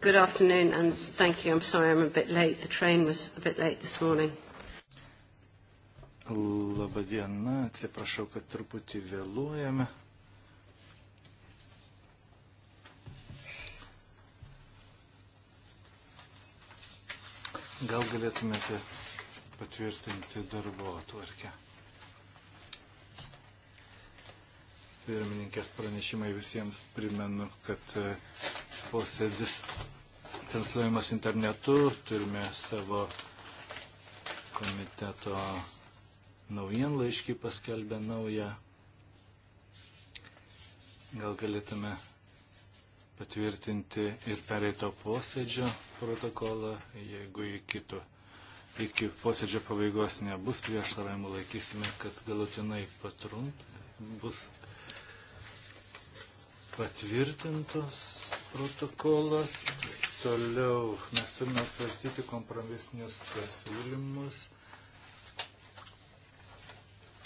Good afternoon and thank you. I'm sorry I'm a bit late. The train was a bit late this morning. Labadiena, atsiprašau, kad truputį vėluojame. Gal galėtumėte patvirtinti darbo atvarkę? Pirmininkės pranešimai visiems primenu, kad posėdis transliuojamas internetu, turime savo komiteto naujienlaiškį paskelbę naują. Gal galėtume patvirtinti ir pereito posėdžio protokolą, jeigu iki, to, iki posėdžio pabaigos nebus prieštaravimų, laikysime, kad galutinai patrumt bus patvirtintos protokolas. Toliau mes turime svarstyti kompromisinius pasiūlymus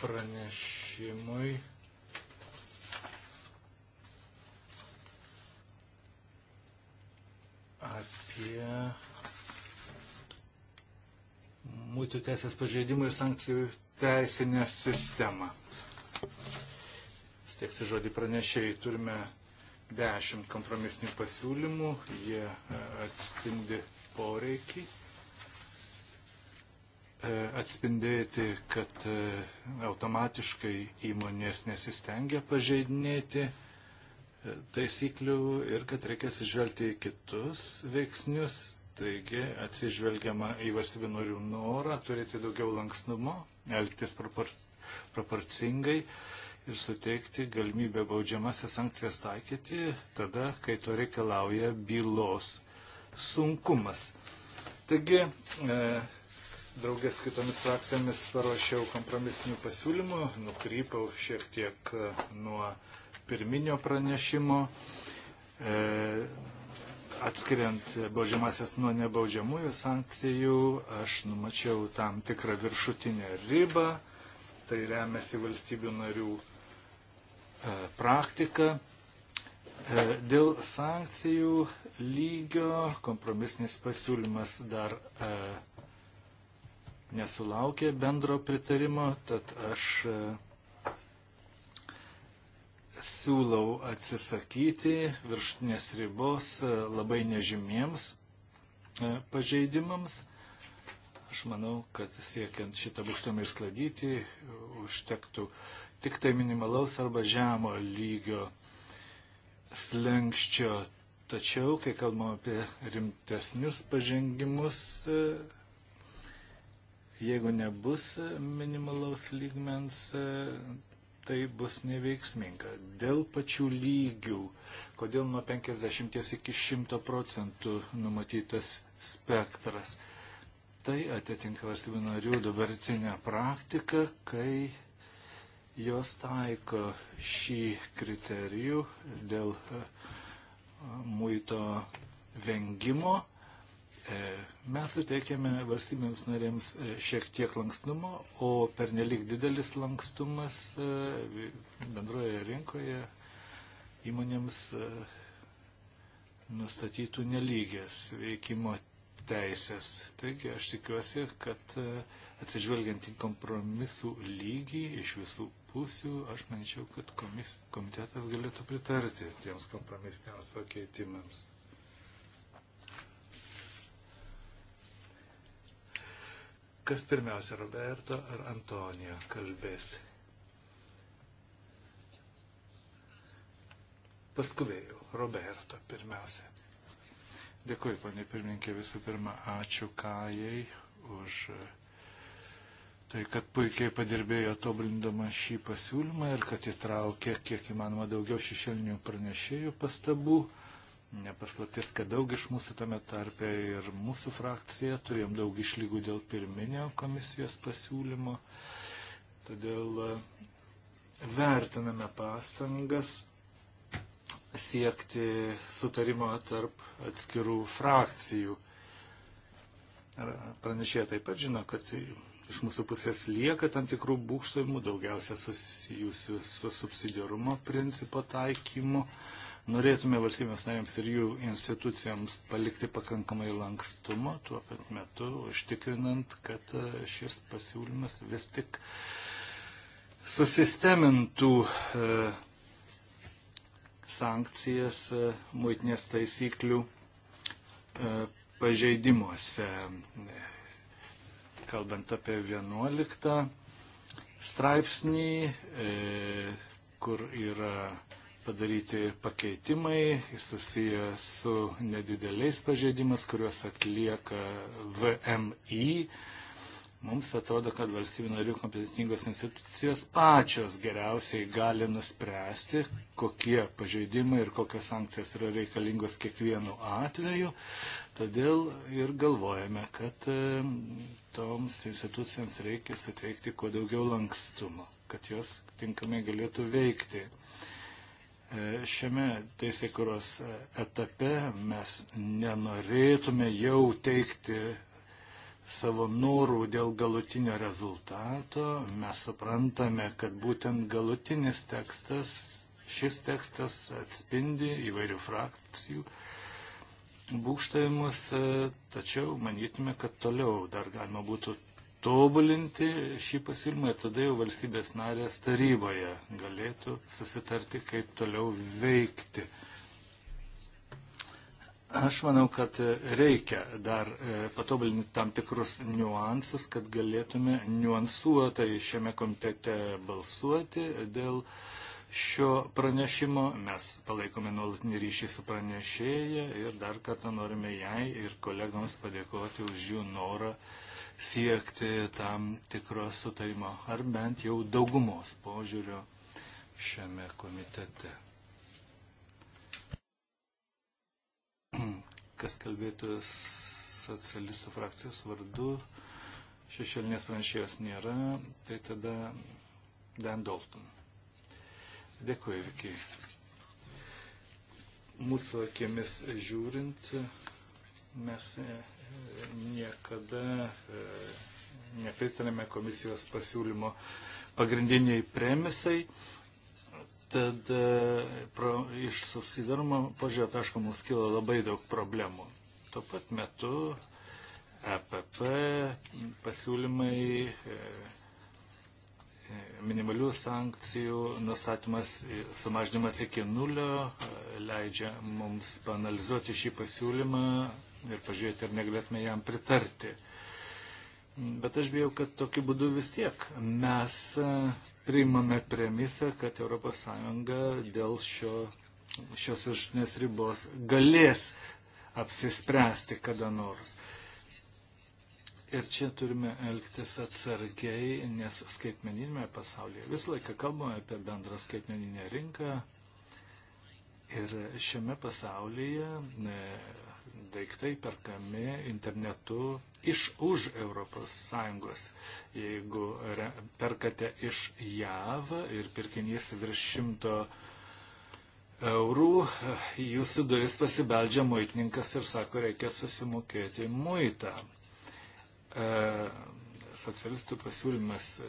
pranešimui. apie mūtų teisės pažeidimų ir sankcijų teisinę sistemą. Steksi žodį pranešėjai, turime dešimt kompromisinių pasiūlymų, jie e, atspindi poreikį e, atspindėti, kad e, automatiškai įmonės nesistengia pažeidinėti taisyklių ir kad reikia atsižvelgti į kitus veiksnius. Taigi atsižvelgiama į valstybinorių norą turėti daugiau lankstumo, elgtis propor proporcingai. Propor ir suteikti galimybę baudžiamasias sankcijas taikyti tada, kai to reikalauja bylos sunkumas. Taigi, e, draugės kitomis frakcijomis paruošiau kompromisinių pasiūlymų, nukrypau šiek tiek e, nuo pirminio pranešimo, e, atskiriant baudžiamasias nuo nebaudžiamųjų sankcijų, aš numačiau tam tikrą viršutinę ribą, tai remiasi valstybių narių E, praktiką. E, dėl sankcijų lygio kompromisinis pasiūlymas dar e, nesulaukė bendro pritarimo, tad aš siūlau atsisakyti viršutinės ribos labai nežymiems pažeidimams. Aš manau, kad siekiant šitą būkštą išskladyti, užtektų uh, tik tai minimalaus arba žemo lygio slengščio. Tačiau, kai kalbam apie rimtesnius pažengimus, e, jeigu nebus minimalaus lygmens, e, tai bus neveiksminga. Dėl pačių lygių, kodėl nuo 50 iki 100 procentų numatytas spektras. Tai atitinka valstybių narių dabartinę praktiką, kai jos taiko šį kriterijų dėl e, muito vengimo. E, mes suteikėme valstybėms narėms e, šiek tiek lankstumo, o pernelik didelis lankstumas bendroje rinkoje įmonėms nustatytų nelygės veikimo teisės. Taigi aš tikiuosi, kad atsižvelgiant į kompromisų lygį iš visų pusių, aš manyčiau, kad komis, komitetas galėtų pritarti tiems kompromisiniams pakeitimams. Kas pirmiausia, Roberto ar Antonijo kalbės? Paskubėjau, Roberto pirmiausia. Dėkui, ponė pirmininkė, visų pirma, ačiū Kajai už uh, tai, kad puikiai padirbėjo tobulindama šį pasiūlymą ir kad įtraukė kiek įmanoma daugiau šešėlinių pranešėjų pastabų. Nepaslaptis, kad daug iš mūsų tame tarpe ir mūsų frakcija turėjom daug išlygų dėl pirminio komisijos pasiūlymo. Todėl e, vertiname pastangas siekti sutarimo tarp atskirų frakcijų. Pranešėja taip pat žino, kad iš mūsų pusės lieka tam tikrų būkštojimų, daugiausia susijusių su subsidiarumo principo taikymu. Norėtume valstybės narėms ir jų institucijams palikti pakankamai lankstumo, tuo pat metu užtikrinant, kad šis pasiūlymas vis tik susistemintų e, sankcijas e, muitinės taisyklių e, pažeidimuose. E, kalbant apie 11 straipsnį, e, kur yra padaryti pakeitimai susiję su nedideliais pažeidimas, kuriuos atlieka VMI Mums atrodo, kad valstybių narių kompetitingos institucijos pačios geriausiai gali nuspręsti, kokie pažeidimai ir kokios sankcijos yra reikalingos kiekvienu atveju. Todėl ir galvojame, kad e, toms institucijams reikia suteikti kuo daugiau lankstumo, kad jos tinkamai galėtų veikti. E, šiame teisėkuros e, etape mes nenorėtume jau teikti savo norų dėl galutinio rezultato. Mes suprantame, kad būtent galutinis tekstas, šis tekstas atspindi įvairių frakcijų būkštavimus, tačiau manytume, kad toliau dar galima būtų tobulinti šį pasiūlymą ir tada jau valstybės narės taryboje galėtų susitarti, kaip toliau veikti. Aš manau, kad reikia dar e, patobulinti tam tikrus niuansus, kad galėtume niuansuotai šiame komitete balsuoti dėl šio pranešimo. Mes palaikome nuolatinį ryšį su pranešėja ir dar kartą norime jai ir kolegams padėkoti už jų norą siekti tam tikro sutarimo ar bent jau daugumos požiūrio šiame komitete. kas kalbėtų socialistų frakcijos vardu. Šešėlinės pranešėjos nėra, tai tada Dan Dalton. Dėkuoju, Viki. Mūsų akimis žiūrint, mes e, niekada e, nepritarėme komisijos pasiūlymo pagrindiniai premisai. Tad e, pro, iš subsidarumo požiūrėjo taško mums kilo labai daug problemų. Tuo pat metu EPP pasiūlymai e, e, minimalių sankcijų nustatymas sumažinimas iki nulio leidžia mums panalizuoti šį pasiūlymą ir pažiūrėti, ar negalėtume jam pritarti. Bet aš bijau, kad tokiu būdu vis tiek mes priimame premisą, kad ES dėl šio, šios viršutinės ribos galės apsispręsti kada nors. Ir čia turime elgtis atsargiai, nes skaitmeninėme pasaulyje visą laiką kalbame apie bendrą skaitmeninę rinką, Ir šiame pasaulyje e, daiktai perkami internetu iš už ES. Jeigu perkate iš JAV ir pirkinys virš šimto eurų, jūsų duris pasibeldžia muitininkas ir sako, reikia susimokėti muitą. E, socialistų pasiūlymas e,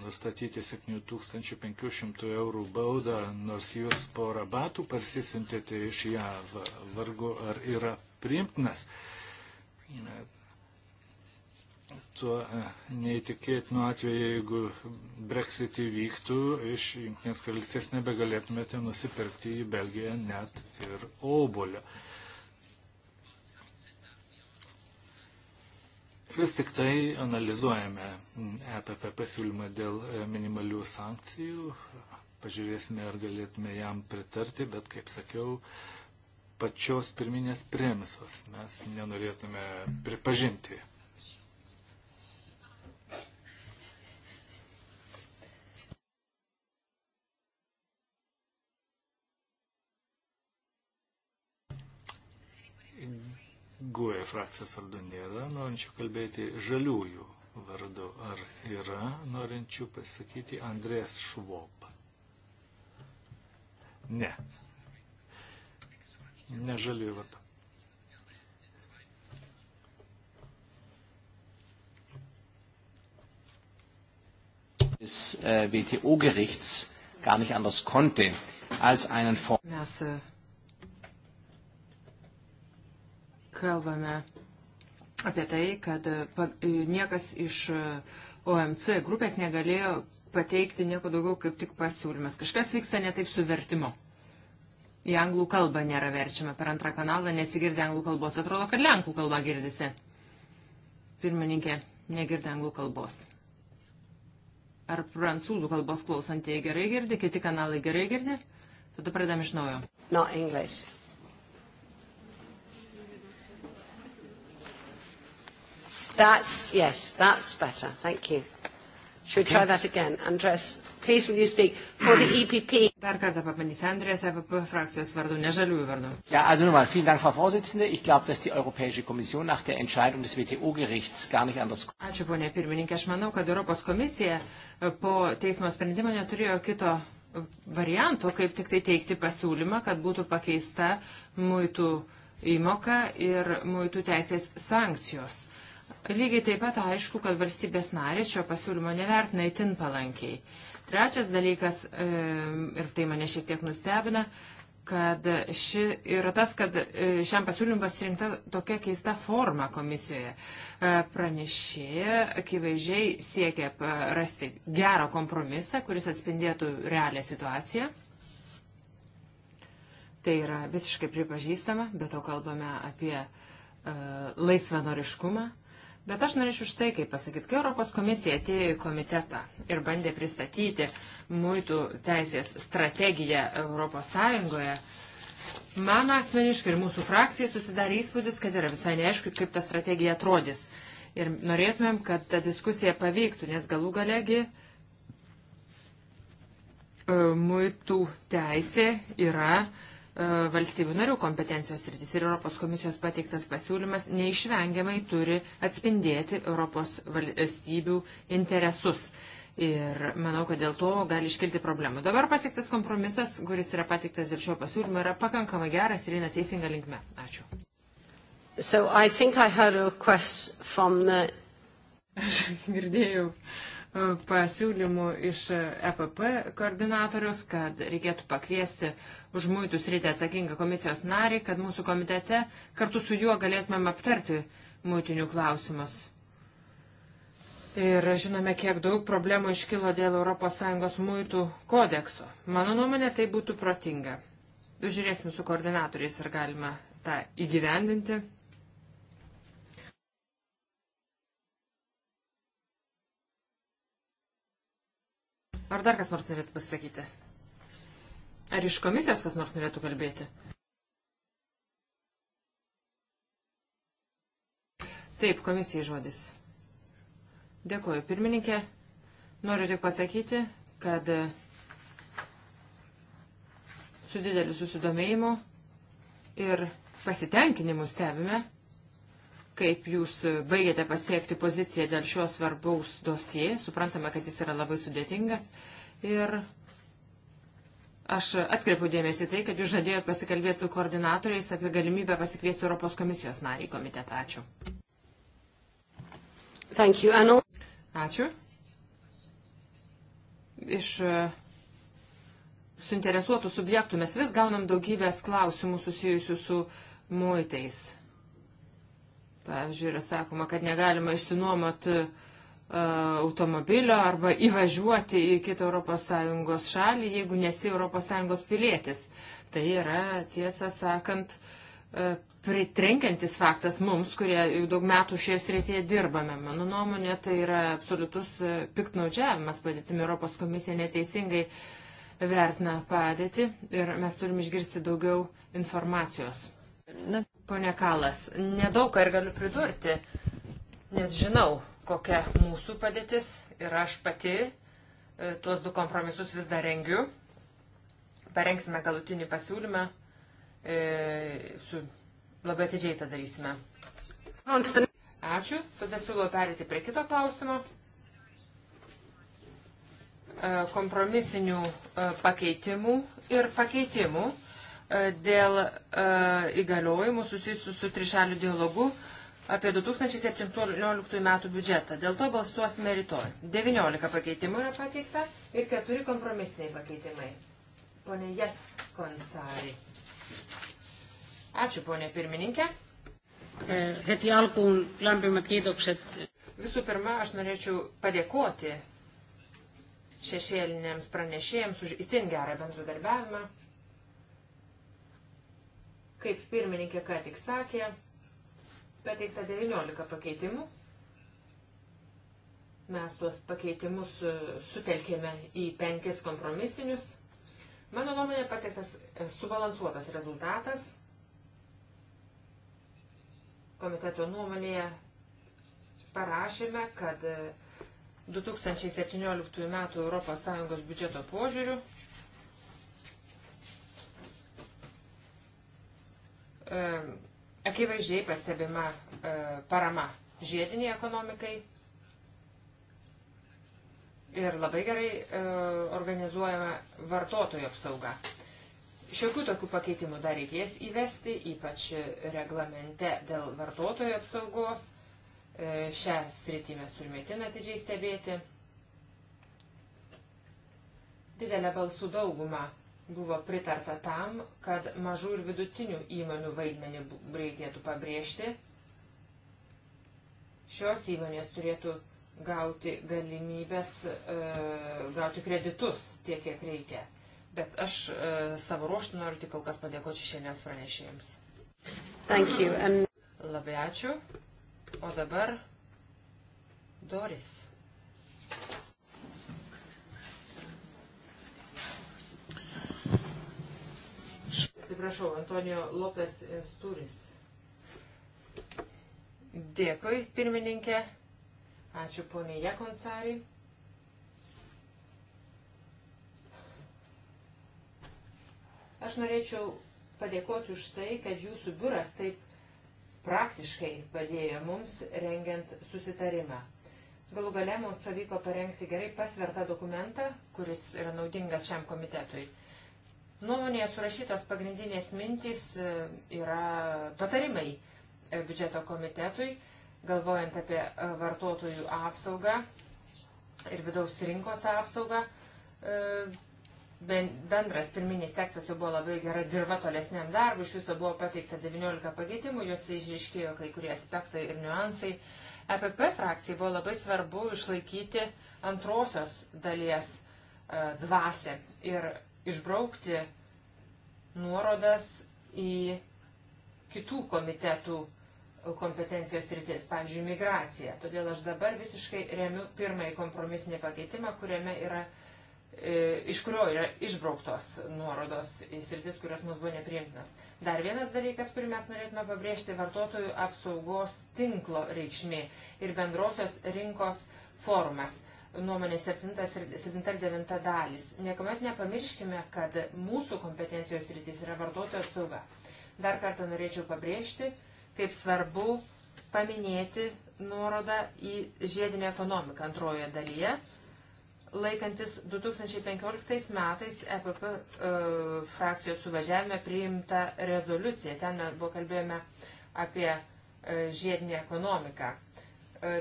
nustatyti 7500 eurų baudą, nors jūs porą batų parsisintėte iš JAV, vargu ar yra priimtinas. E, tuo e, neįtikėtinu atveju, jeigu Brexit įvyktų, iš Junktinės karalystės nebegalėtumėte nusipirkti į Belgiją net ir obolio. E, Vis tik tai analizuojame EPP pasiūlymą dėl e, minimalių sankcijų. Pažiūrėsime, ar galėtume jam pritarti, bet, kaip sakiau, pačios pirminės premisos mes nenorėtume pripažinti. GUE frakcijos vardu nėra, norinčių kalbėti žaliųjų vardu. Ar yra norinčių pasakyti Andrės Švop? Ne. Ne žaliųjų vardu. des äh, WTO-Gerichts gar nicht anders konnte, als einen Vor Mes äh, kalbame apie tai, kad e, e, niekas iš e, OMC grupės negalėjo pateikti nieko daugiau kaip tik pasiūlymas. Kažkas vyksta netaip su vertimu. Į anglų kalbą nėra verčiama per antrą kanalą, nesigirdi anglų kalbos. Atrodo, kad lenkų kalba girdisi. Pirmininkė, negirdi anglų kalbos. Ar prancūzų kalbos klausantieji gerai girdi, kiti kanalai gerai girdi? Tada pradam iš naujo. No English. That's, yes, that's better. Thank you. Should we try that again? Andres, please will you speak for the EPP? Dar kartą pabandys Andrės, EPP frakcijos vardu, ne žaliųjų vardu. Ja, also nochmal, vielen Dank, Frau Vorsitzende. Ich glaube, dass die Europäische Kommission nach der Entscheidung des WTO-Gerichts gar nicht anders... Ačiū, ponė pirmininkė. Aš manau, kad Europos komisija e, po teismo sprendimo neturėjo kito varianto, kaip tik tai teikti pasiūlymą, kad būtų pakeista muitų įmoka ir muitų teisės sankcijos Lygiai taip pat aišku, kad valstybės narės šio pasiūlymo nevertina itin palankiai. Trečias dalykas, ir tai mane šiek tiek nustebina, kad ši yra tas, kad e, šiam pasiūlymui pasirinkta tokia keista forma komisijoje. E, pranešėja akivaizdžiai siekia e, rasti gerą kompromisą, kuris atspindėtų realią situaciją. Tai yra visiškai pripažįstama, bet to kalbame apie uh, laisvanoriškumą, Bet aš norėčiau štai kaip pasakyti, kai Europos komisija atėjo į komitetą ir bandė pristatyti muitų teisės strategiją Europos Sąjungoje, man asmeniškai ir mūsų frakcijai susidarė įspūdis, kad yra visai neaišku, kaip ta strategija atrodys. Ir norėtumėm, kad ta diskusija pavyktų, nes galų galegi e, muitų teisė yra uh, E, valstybių narių kompetencijos rytis ir Europos komisijos pateiktas pasiūlymas neišvengiamai turi atspindėti Europos valstybių interesus. Ir manau, kad dėl to gali iškilti problemų. Dabar pasiektas kompromisas, kuris yra pateiktas dėl šio pasiūlymo, yra pakankamai geras ir eina teisinga linkme. Ačiū. So I think I heard a request from the... Aš girdėjau pasiūlymų iš EPP koordinatorius, kad reikėtų pakviesti už muitus rytę atsakingą komisijos narį, kad mūsų komitete kartu su juo galėtumėm aptarti muitinių klausimus. Ir žinome, kiek daug problemų iškilo dėl ES muitų kodekso. Mano nuomonė, tai būtų protinga. Žiūrėsim su koordinatoriais, ar galima tą įgyvendinti. Ar dar kas nors norėtų pasakyti? Ar iš komisijos kas nors norėtų kalbėti? Taip, komisijai žodis. Dėkuoju, pirmininkė. Noriu tik pasakyti, kad e, su dideliu susidomėjimu ir pasitenkinimu stebime kaip jūs baigėte pasiekti poziciją dėl šio svarbaus dosie. Suprantame, kad jis yra labai sudėtingas. Ir aš atkreipiu dėmesį tai, kad jūs žadėjot pasikalbėti su koordinatoriais apie galimybę pasikviesti Europos komisijos narį į komitetą. Ačiū. All... Ačiū. Iš e, suinteresuotų subjektų mes vis gaunam daugybės klausimų susijusių su muitais. Pavyzdžiui, yra sakoma, kad negalima išsinuomoti uh, automobilio arba įvažiuoti į kitą ES šalį, jeigu nesi ES pilietis. Tai yra, tiesą sakant, uh, pritrenkiantis faktas mums, kurie jau daug metų šioje srityje dirbame. Mano nuomonė, tai yra absoliutus uh, e, piknaudžiavimas padėtimi Europos komisija neteisingai vertina padėtį ir mes turim išgirsti daugiau informacijos. Na, Pone Kalas, nedaug ką ir galiu pridurti, nes žinau, kokia mūsų padėtis ir aš pati e, tuos du kompromisus vis dar rengiu. Parengsime galutinį pasiūlymą, e, su, labai atidžiai tą darysime. Ačiū, tada siūlau perėti prie kito klausimo. E, kompromisinių pakeitimų ir pakeitimų E, dėl e, įgaliojimų susijusių su trišaliu dialogu apie 2017 metų biudžetą. Dėl to balsuosime rytoj. 19 pakeitimų yra pateikta ir 4 kompromisiniai pakeitimai. Pone Jekonsari. Ačiū, ponė pirmininkė. E, heti alkuun lämpimät kiitokset. Visų pirma, aš norėčiau padėkoti šešėliniams pranešėjams už itin gerą bendradarbiavimą. Kaip pirmininkė ką tik sakė, pateikta 19 pakeitimų. Mes tuos pakeitimus e, sutelkėme į penkis kompromisinius. Mano nuomonė pasiektas e, subalansuotas rezultatas. Komiteto nuomonėje parašėme, kad 2017 m. ES biudžeto požiūrių akivaizdžiai pastebima e, parama žiediniai ekonomikai ir labai gerai e, organizuojama vartotojų apsauga. Šiokių tokių pakeitimų dar reikės įvesti, ypač reglamente dėl vartotojų apsaugos. E, šią sritį mes turime tin atidžiai stebėti. Didelę balsų daugumą buvo pritarta tam, kad mažų ir vidutinių įmonių vaidmenį reikėtų pabrėžti. Šios įmonės turėtų gauti galimybės, e, gauti kreditus tiek, kiek reikia. Bet aš e, savo ruoštų noriu tik kol kas padėkoti šiandienas pranešėjams. And... Labai ačiū. O dabar Doris. Atsiprašau, Antonijo Lopes Sturis. Dėkui, pirmininkė. Ačiū poniai Jakonsari. Aš norėčiau padėkoti už tai, kad jūsų biuras taip praktiškai padėjo mums rengiant susitarimą. Galų gale mums pavyko parengti gerai pasvertą dokumentą, kuris yra naudingas šiam komitetui. Nuomonėje surašytos pagrindinės mintys e, yra patarimai e, biudžeto komitetui, galvojant apie e, vartotojų apsaugą ir vidaus rinkos apsaugą. Bendras pirminis tekstas jau buvo labai gera dirba tolesniam darbui, iš viso buvo pateikta 19 pakeitimų, juose išriškėjo kai kurie aspektai ir niuansai. EPP frakcijai buvo labai svarbu išlaikyti antrosios dalies dvasę ir išbraukti nuorodas į kitų komitetų kompetencijos rytis, pavyzdžiui, migracija. Todėl aš dabar visiškai remiu pirmąjį kompromisinį pakeitimą, kuriame yra, e, iš kurio yra išbrauktos nuorodos į sritis, kurios mums buvo nepriimtinas. Dar vienas dalykas, kurį mes norėtume pabrėžti, vartotojų apsaugos tinklo reikšmė ir bendrosios rinkos formas nuomonės 7 ir 9 dalis. Niekuomet nepamirškime, kad mūsų kompetencijos rytis yra vartotojų apsauga. Dar kartą norėčiau pabrėžti, kaip svarbu paminėti nuorodą į žiedinę ekonomiką antrojoje dalyje, laikantis 2015 metais EPP e, frakcijos suvažiavime priimta rezoliucija. Ten buvo kalbėjome apie e, žiedinę ekonomiką. E,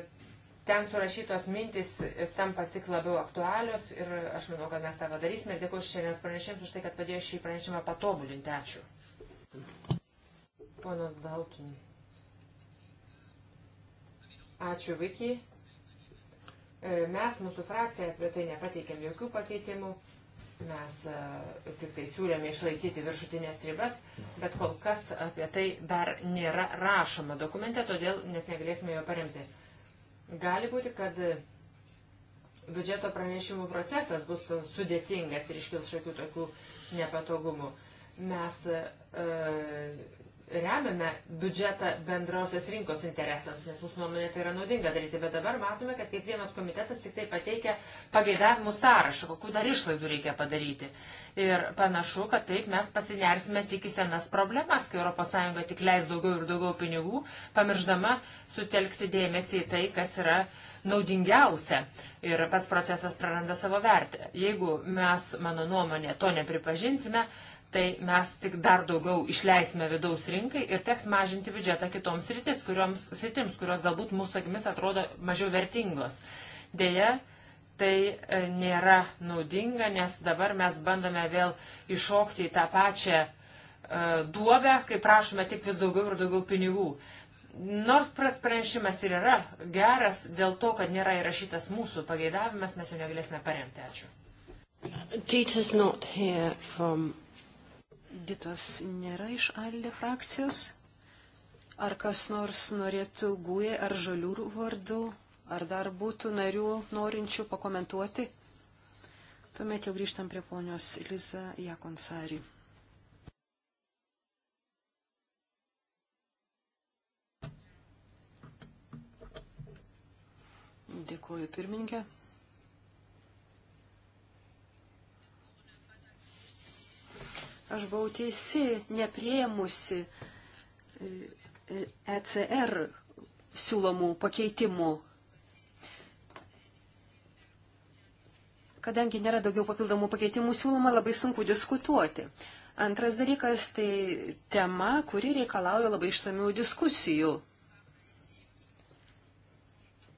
ten surašytos mintys tampa tik labiau aktualios ir aš manau, kad mes tą padarysime. Ir dėkuoju šiandienos pranešėjams už tai, kad padėjo šį pranešimą patobulinti. Ačiū. Ponas Dalton. Ačiū, Viki. E, mes, mūsų frakcija, apie tai nepateikėm jokių pakeitimų. Mes e, tik tai siūlėme išlaikyti viršutinės ribas, bet kol kas apie tai dar nėra rašoma dokumente, todėl nes negalėsime jo paremti. Gali būti, kad biudžeto pranešimų procesas bus sudėtingas ir iškils šiokių tokių nepatogumų. Mes e, remiame biudžetą bendrausios rinkos interesams, nes mūsų nuomonė tai yra naudinga daryti, bet dabar matome, kad kiekvienas komitetas tik tai pateikia pageidavimų sąrašą, kokiu dar išlaidų reikia padaryti. Ir panašu, kad taip mes pasinersime tik į senas problemas, kai ES tik leis daugiau ir daugiau pinigų, pamirždama sutelkti dėmesį į tai, kas yra naudingiausia ir pats procesas praranda savo vertę. Jeigu mes, mano nuomonė, to nepripažinsime, tai mes tik dar daugiau išleisime vidaus rinkai ir teks mažinti biudžetą kitoms sritis, kurioms, sritims, kurios galbūt mūsų akimis atrodo mažiau vertingos. Deja, tai e, nėra naudinga, nes dabar mes bandome vėl iššokti į tą pačią e, duobę, kai prašome tik vis daugiau ir daugiau pinigų. Nors prats pranešimas ir yra geras, dėl to, kad nėra įrašytas mūsų pageidavimas, mes jo negalėsime paremti. Ačiū. Dieter's not here from Ditos nėra iš Alde frakcijos. Ar kas nors norėtų guje ar žalių vardų, ar dar būtų narių norinčių pakomentuoti? Tuomet jau grįžtam prie ponios Liza Jakonsari. Dėkuoju pirmininkė. aš buvau teisi, neprieimusi ECR e, e siūlomų pakeitimų. Kadangi nėra daugiau papildomų pakeitimų siūloma, labai sunku diskutuoti. Antras dalykas tai tema, kuri reikalauja labai išsamių diskusijų.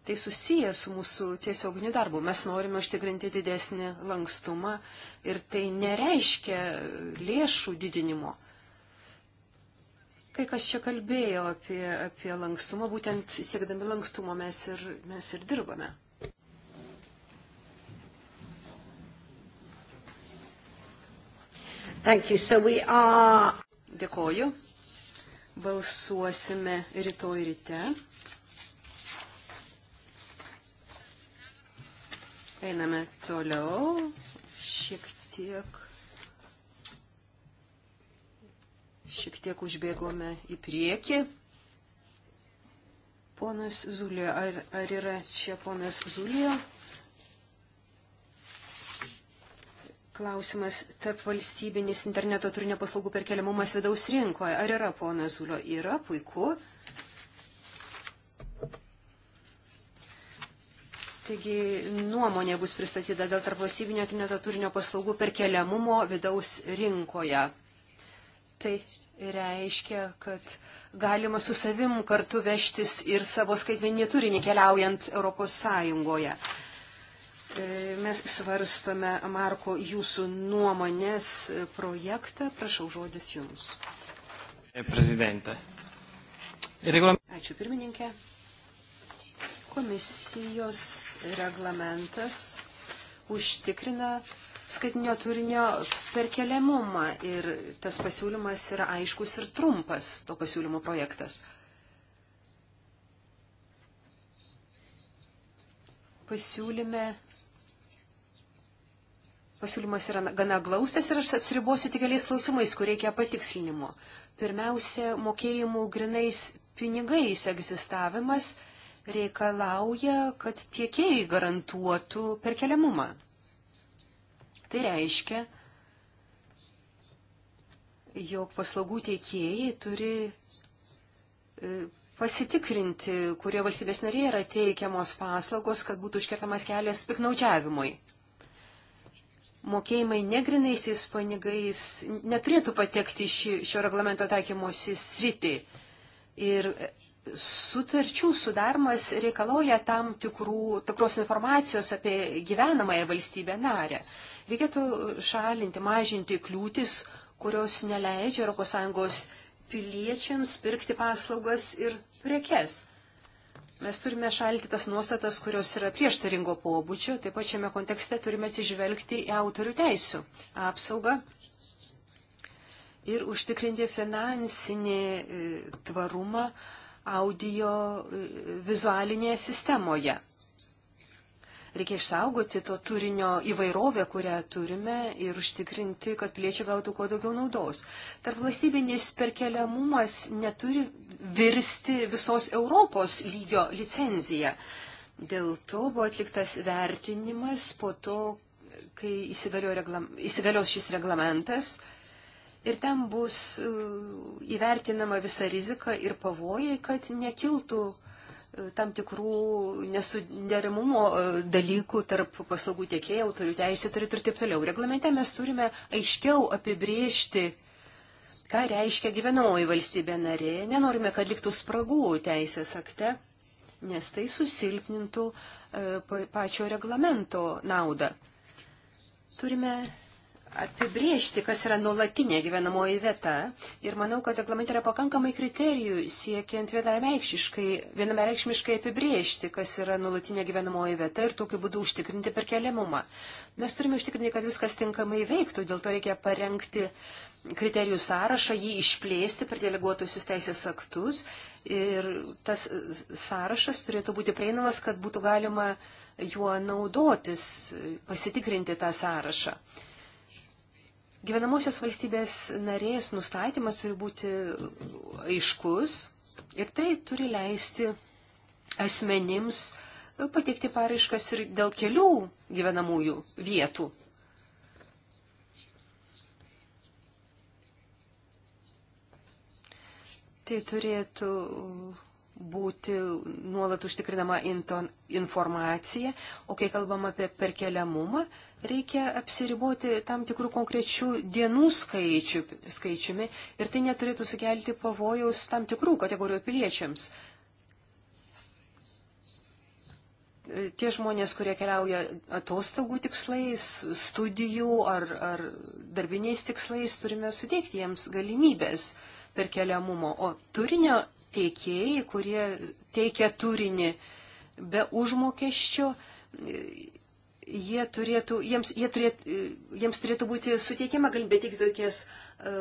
Tai susiję su mūsų tiesioginiu darbu. Mes norime užtikrinti didesnį lankstumą ir tai nereiškia lėšų didinimo. Kai kas čia kalbėjo apie, apie lankstumą, būtent siekdami lankstumo mes ir, mes ir dirbame. So are... Dėkoju. Balsuosime rytoj ryte. Einame toliau. Šiek tiek. Šiek tiek užbėgome į priekį. Ponas Zulė, ar, ar yra čia ponas Zulė? Klausimas tarp valstybinis interneto turinio paslaugų perkeliamumas vidaus rinkoje. Ar yra ponas Zulio? Yra, puiku. Taigi nuomonė bus pristatyta dėl tarpvalstybinio interneto turinio paslaugų perkeliamumo vidaus rinkoje. Tai reiškia, kad galima su savim kartu vežtis ir savo skaitmeninį turinį keliaujant Europos Sąjungoje. E, mes svarstome, Marko, jūsų nuomonės projektą. Prašau, žodis jums. Prezidentė. Ačiū pirmininkė. Komisijos reglamentas užtikrina skaitinio turinio perkeliamumą ir tas pasiūlymas yra aiškus ir trumpas, to pasiūlymo projektas. Pasiūlyme pasiūlymas yra gana glaustas ir aš atsiribosiu tik keliais klausimais, kur reikia patikslinimo. Pirmiausia, mokėjimų grinais pinigais egzistavimas reikalauja, kad tiekėjai garantuotų perkeliamumą. Tai reiškia, jog paslaugų tiekėjai turi e, pasitikrinti, kurie valstybės narė yra teikiamos paslaugos, kad būtų užkertamas kelias piknaudžiavimui. Mokėjimai negrinaisiais pinigais neturėtų patekti šio reglamento taikymosi sritį. Ir sutarčių sudarmas reikalauja tam tikrų, tikros informacijos apie gyvenamąją valstybę narę. Reikėtų šalinti, mažinti kliūtis, kurios neleidžia ES piliečiams pirkti paslaugas ir prekes. Mes turime šalti tas nuostatas, kurios yra prieštaringo pobūdžio, taip pat šiame kontekste turime atsižvelgti į autorių teisų apsaugą ir užtikrinti finansinį e, tvarumą audio e, vizualinėje sistemoje. Reikia išsaugoti to turinio įvairovę, kurią turime ir užtikrinti, kad piliečiai gautų kuo daugiau naudos. Tarp valstybinis perkeliamumas neturi virsti visos Europos lygio licenciją. Dėl to buvo atliktas vertinimas po to, kai įsigalios šis reglamentas ir ten bus e, įvertinama visa rizika ir pavojai, kad nekiltų e, tam tikrų nesuderimumo e, dalykų tarp paslaugų tiekėjų, autorių teisų turi ir taip toliau. Reglamente mes turime aiškiau apibriežti, ką reiškia gyvenamoji valstybė narė. Nenorime, kad liktų spragų teisės akte, nes tai susilpnintų pačio reglamento naudą. Turime apibriežti, kas yra nuolatinė gyvenamoji vieta. Ir manau, kad reglamente yra pakankamai kriterijų siekiant vienareikšmiškai, vienareikšmiškai apibriežti, kas yra nuolatinė gyvenamoji vieta ir tokiu būdu užtikrinti perkeliamumą. Mes turime užtikrinti, kad viskas tinkamai veiktų, dėl to reikia parengti kriterijų sąrašą, jį išplėsti per deleguotusius teisės aktus ir tas sąrašas turėtų būti prieinamas, kad būtų galima juo naudotis, pasitikrinti tą sąrašą. Gyvenamosios valstybės narės nustatymas turi būti aiškus ir tai turi leisti asmenims pateikti paraiškas ir dėl kelių gyvenamųjų vietų. Tai turėtų būti nuolat užtikrinama informacija, o kai kalbam apie perkeliamumą, reikia apsiriboti tam tikrų konkrečių dienų skaičių, skaičiumi ir tai neturėtų sukelti pavojaus tam tikrų kategorijų piliečiams. Tie žmonės, kurie keliauja atostogų tikslais, studijų ar, ar darbiniais tikslais, turime suteikti jiems galimybės per keliamumo. O turinio tiekėjai, kurie teikia turinį be užmokesčio, jie turėtų, jiems, jie turėtų, jiems turėtų būti suteikiama galimybė teikti tokias e,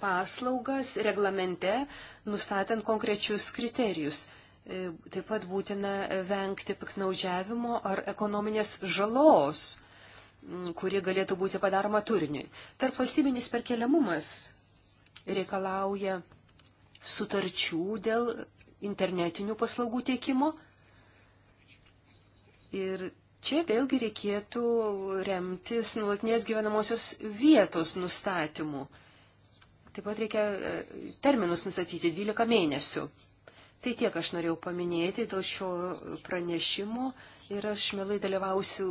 paslaugas reglamente, nustatant konkrečius kriterijus. E, taip pat būtina vengti piknaudžiavimo ar ekonominės žalos, kurie galėtų būti padaroma turiniui. Tarp valstybinis perkeliamumas reikalauja sutarčių dėl internetinių paslaugų teikimo ir Čia vėlgi reikėtų remtis nuolatinės gyvenamosios vietos nustatymu. Taip pat reikia e, terminus nustatyti 12 mėnesių. Tai tiek aš norėjau paminėti dėl šio pranešimo ir aš mielai dalyvausiu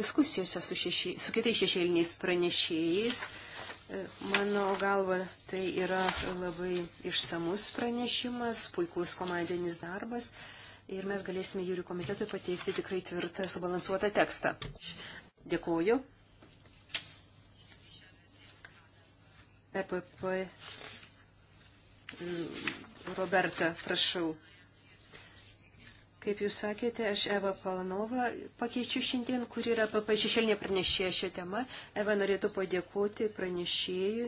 diskusijose su, šeši, su kitais šešėliniais pranešėjais. E, mano galva, tai yra labai išsamus pranešimas, puikus komandinis darbas ir mes galėsime jūrių komitetui pateikti tikrai tvirtą, subalansuotą tekstą. Dėkuoju. EPP mm, Roberta, prašau. Kaip jūs sakėte, aš Eva Palanova pakeičiu šiandien, kur yra PP šešėlinė pranešėja šią temą. Eva norėtų padėkoti pranešėjui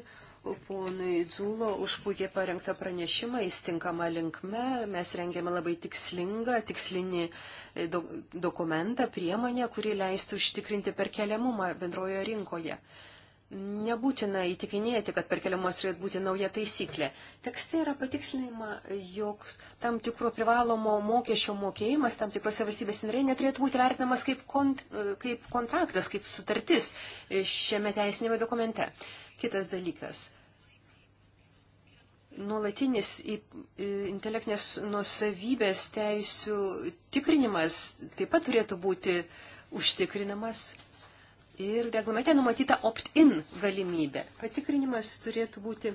ponui Dzulo už puikiai parengtą pranešimą, jis tinkama linkme, mes rengėme labai tikslingą, tikslinį e, dokumentą, priemonę, kuri leistų užtikrinti perkeliamumą bendrojo rinkoje. Nebūtina įtikinėti, kad per keliamos turėtų būti nauja taisyklė. Tekste yra patikslinima, jog tam tikro privalomo mokesčio mokėjimas tam tikrose valstybės narėje neturėtų būti vertinamas kaip, kont, kaip kontraktas, kaip sutartis šiame teisinėme dokumente. Kitas dalykas. Nuolatinis intelektinės nusavybės teisių tikrinimas taip pat turėtų būti užtikrinamas ir reglamente numatyta opt-in galimybė. Patikrinimas turėtų būti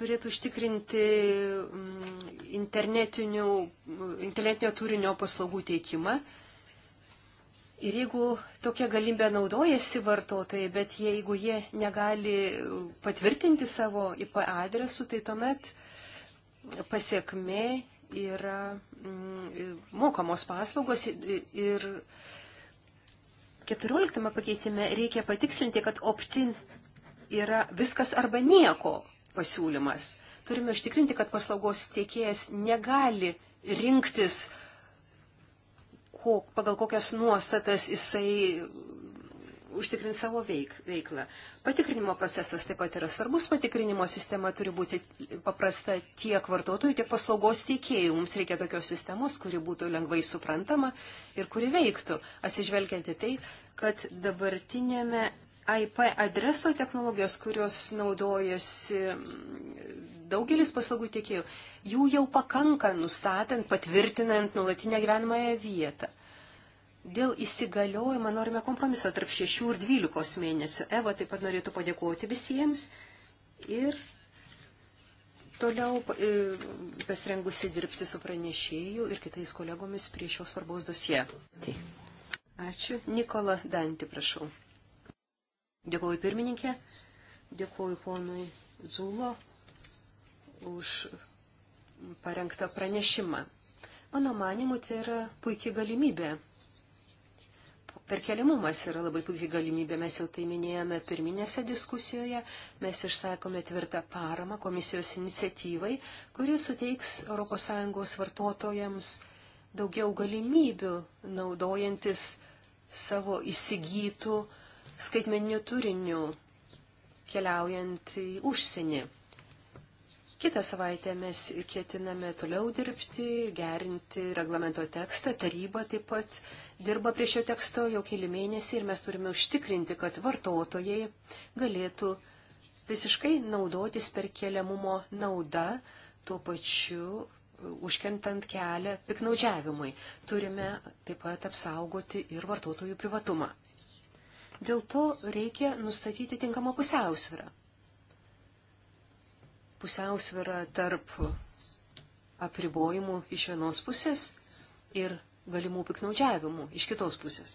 turėtų užtikrinti mm, internetinio turinio paslaugų teikimą. Ir jeigu tokia galimybė naudojasi vartotojai, bet jeigu jie negali patvirtinti savo IP adresų, tai tuomet pasiekme yra mm, mokamos paslaugos ir 14 pakeitime reikia patikslinti, kad optin yra viskas arba nieko pasiūlymas. Turime užtikrinti, kad paslaugos tiekėjas negali rinktis, ko, pagal kokias nuostatas jisai užtikrinti savo veik, veiklą. Patikrinimo procesas taip pat yra svarbus. Patikrinimo sistema turi būti paprasta tiek vartotojui, tiek paslaugos teikėjui. Mums reikia tokios sistemos, kuri būtų lengvai suprantama ir kuri veiktų, atsižvelgianti tai, kad dabartinėme IP adreso technologijos, kurios naudojasi daugelis paslaugų tiekėjų, jų jau pakanka nustatant, patvirtinant nulatinę gyvenamąją vietą. Dėl įsigaliojimo norime kompromiso tarp 6 ir 12 mėnesių. Eva taip pat norėtų padėkoti visiems ir toliau e, pasirengusi dirbti su pranešėju ir kitais kolegomis prie šios svarbaus dosie. Ačiū. Nikola Dantį, prašau. Dėkuoju pirmininkė, dėkuoju ponui Zulo už parengtą pranešimą. Mano manimu, tai yra puikia galimybė Perkeliamumas yra labai puikiai galimybė, mes jau tai minėjome pirminėse diskusijoje, mes išsakome tvirtą paramą komisijos iniciatyvai, kuri suteiks ES vartotojams daugiau galimybių naudojantis savo įsigytų skaitmeninių turinių keliaujant į užsienį. Kitą savaitę mes ketiname toliau dirbti, gerinti reglamento tekstą, taryba taip pat dirba prie šio teksto jau keli mėnesiai ir mes turime užtikrinti, kad vartotojai galėtų visiškai naudotis perkeliamumo nauda, tuo pačiu e, užkentant kelią piknaudžiavimui. Turime taip pat apsaugoti ir vartotojų privatumą. Dėl to reikia nustatyti tinkamą pusiausvyrą. Pusiausvyrą tarp apribojimų iš vienos pusės ir galimų piknaudžiavimų iš kitos pusės.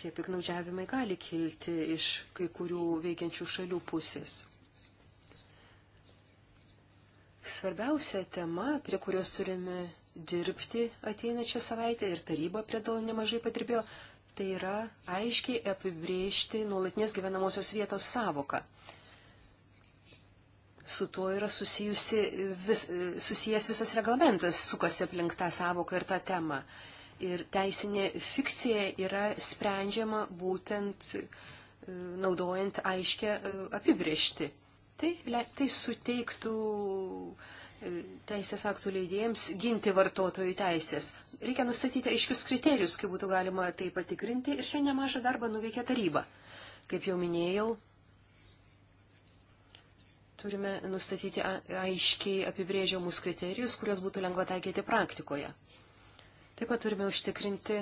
Tie piknaudžiavimai gali kilti iš kai kurių veikiančių šalių pusės. Svarbiausia tema, prie kurios turime dirbti ateinačią savaitę ir taryba prie to nemažai padirbėjo, tai yra aiškiai apibriežti nuolatinės gyvenamosios vietos savoką su tuo yra susijusi, vis, susijęs visas reglamentas, sukasi aplink tą savoką ir tą temą. Ir teisinė fikcija yra sprendžiama būtent e, naudojant aiškę e, apibriešti. Tai, tai suteiktų e, teisės aktų leidėjams ginti vartotojų teisės. Reikia nustatyti aiškius kriterijus, kaip būtų galima tai patikrinti ir šiandien mažą darbą nuveikė taryba. Kaip jau minėjau, Turime nustatyti aiškiai apibrėžiamus kriterijus, kuriuos būtų lengva taikyti praktikoje. Taip pat turime užtikrinti,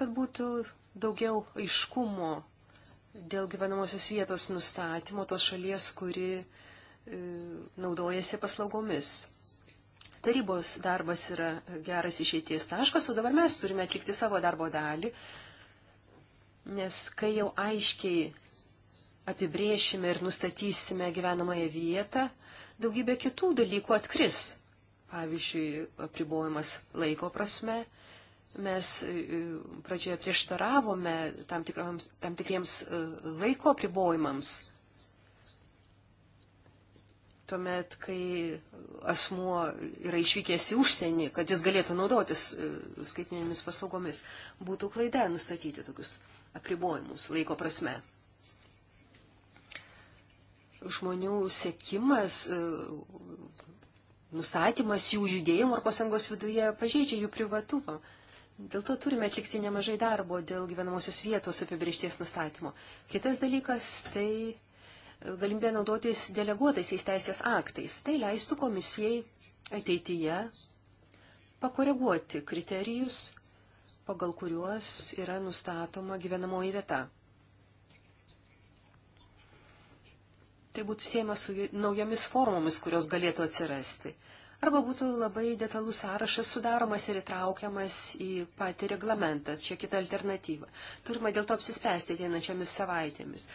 kad būtų daugiau aiškumo dėl gyvenamosios vietos nustatymo tos šalies, kuri e, naudojasi paslaugomis. Tarybos darbas yra geras išeities taškas, o dabar mes turime atlikti savo darbo dalį, nes kai jau aiškiai apibrėšime ir nustatysime gyvenamąją vietą, daugybė kitų dalykų atkris. Pavyzdžiui, apribojimas laiko prasme. Mes e, pradžioje prieštaravome tam, tikrams, tam tikriems e, laiko apribojimams. Tuomet, kai asmuo yra išvykęs į užsienį, kad jis galėtų naudotis e, skaitmeninėmis paslaugomis, būtų klaida nustatyti tokius apribojimus laiko prasme žmonių sekimas, e, nustatymas jų judėjimų Europos Sąjungos viduje pažeidžia jų privatumą. Dėl to turime atlikti nemažai darbo dėl gyvenamosios vietos apibriešties nustatymo. Kitas dalykas - tai galimybė naudotis deleguotaisiais teisės aktais. Tai leistų komisijai ateityje pakoreguoti kriterijus, pagal kuriuos yra nustatoma gyvenamoji vieta. tai būtų siejama su naujomis formomis, kurios galėtų atsirasti. Arba būtų labai detalus sąrašas sudaromas ir įtraukiamas į patį reglamentą, čia kita alternatyva. Turime dėl to apsispręsti ateinančiomis savaitėmis.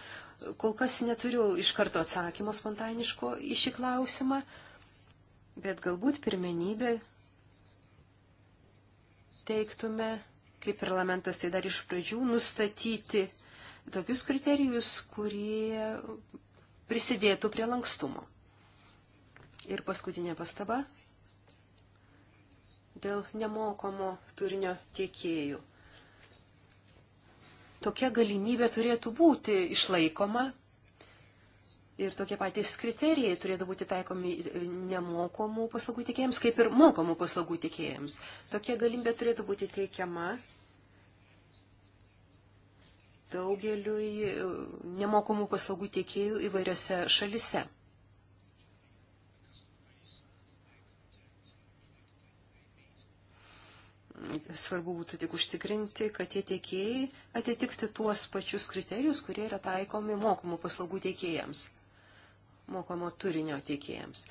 Kol kas neturiu iš karto atsakymo spontaniško į šį klausimą, bet galbūt pirmenybė teiktume, kaip parlamentas tai dar iš pradžių, nustatyti tokius kriterijus, kurie prisidėtų prie lankstumo. Ir paskutinė pastaba dėl nemokamo turinio tiekėjų. Tokia galimybė turėtų būti išlaikoma ir tokie patys kriterijai turėtų būti taikomi nemokamų paslaugų tiekėjams, kaip ir mokamų paslaugų tiekėjams. Tokia galimybė turėtų būti teikiama daugeliui e, nemokamų paslaugų tiekėjų įvairiose šalise. Svarbu būtų tik užtikrinti, kad tie tiekėjai atitikti tuos pačius kriterijus, kurie yra taikomi mokamų paslaugų tiekėjams, mokamo turinio tiekėjams.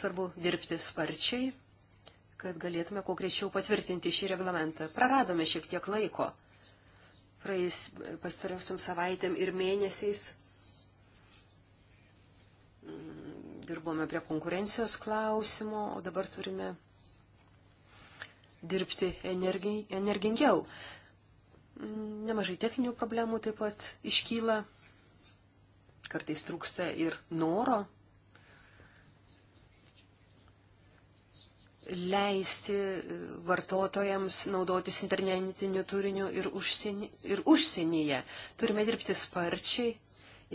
Svarbu dirbti sparčiai, kad galėtume kuo greičiau patvirtinti šį reglamentą. Praradome šiek tiek laiko praėjus pastariausiam savaitėm ir mėnesiais. Dirbome prie konkurencijos klausimo, o dabar turime dirbti energi, energingiau. Nemažai techninių problemų taip pat iškyla, kartais trūksta ir noro leisti e, vartotojams naudotis internetiniu turiniu ir, užsienį, ir užsienyje. Turime dirbti sparčiai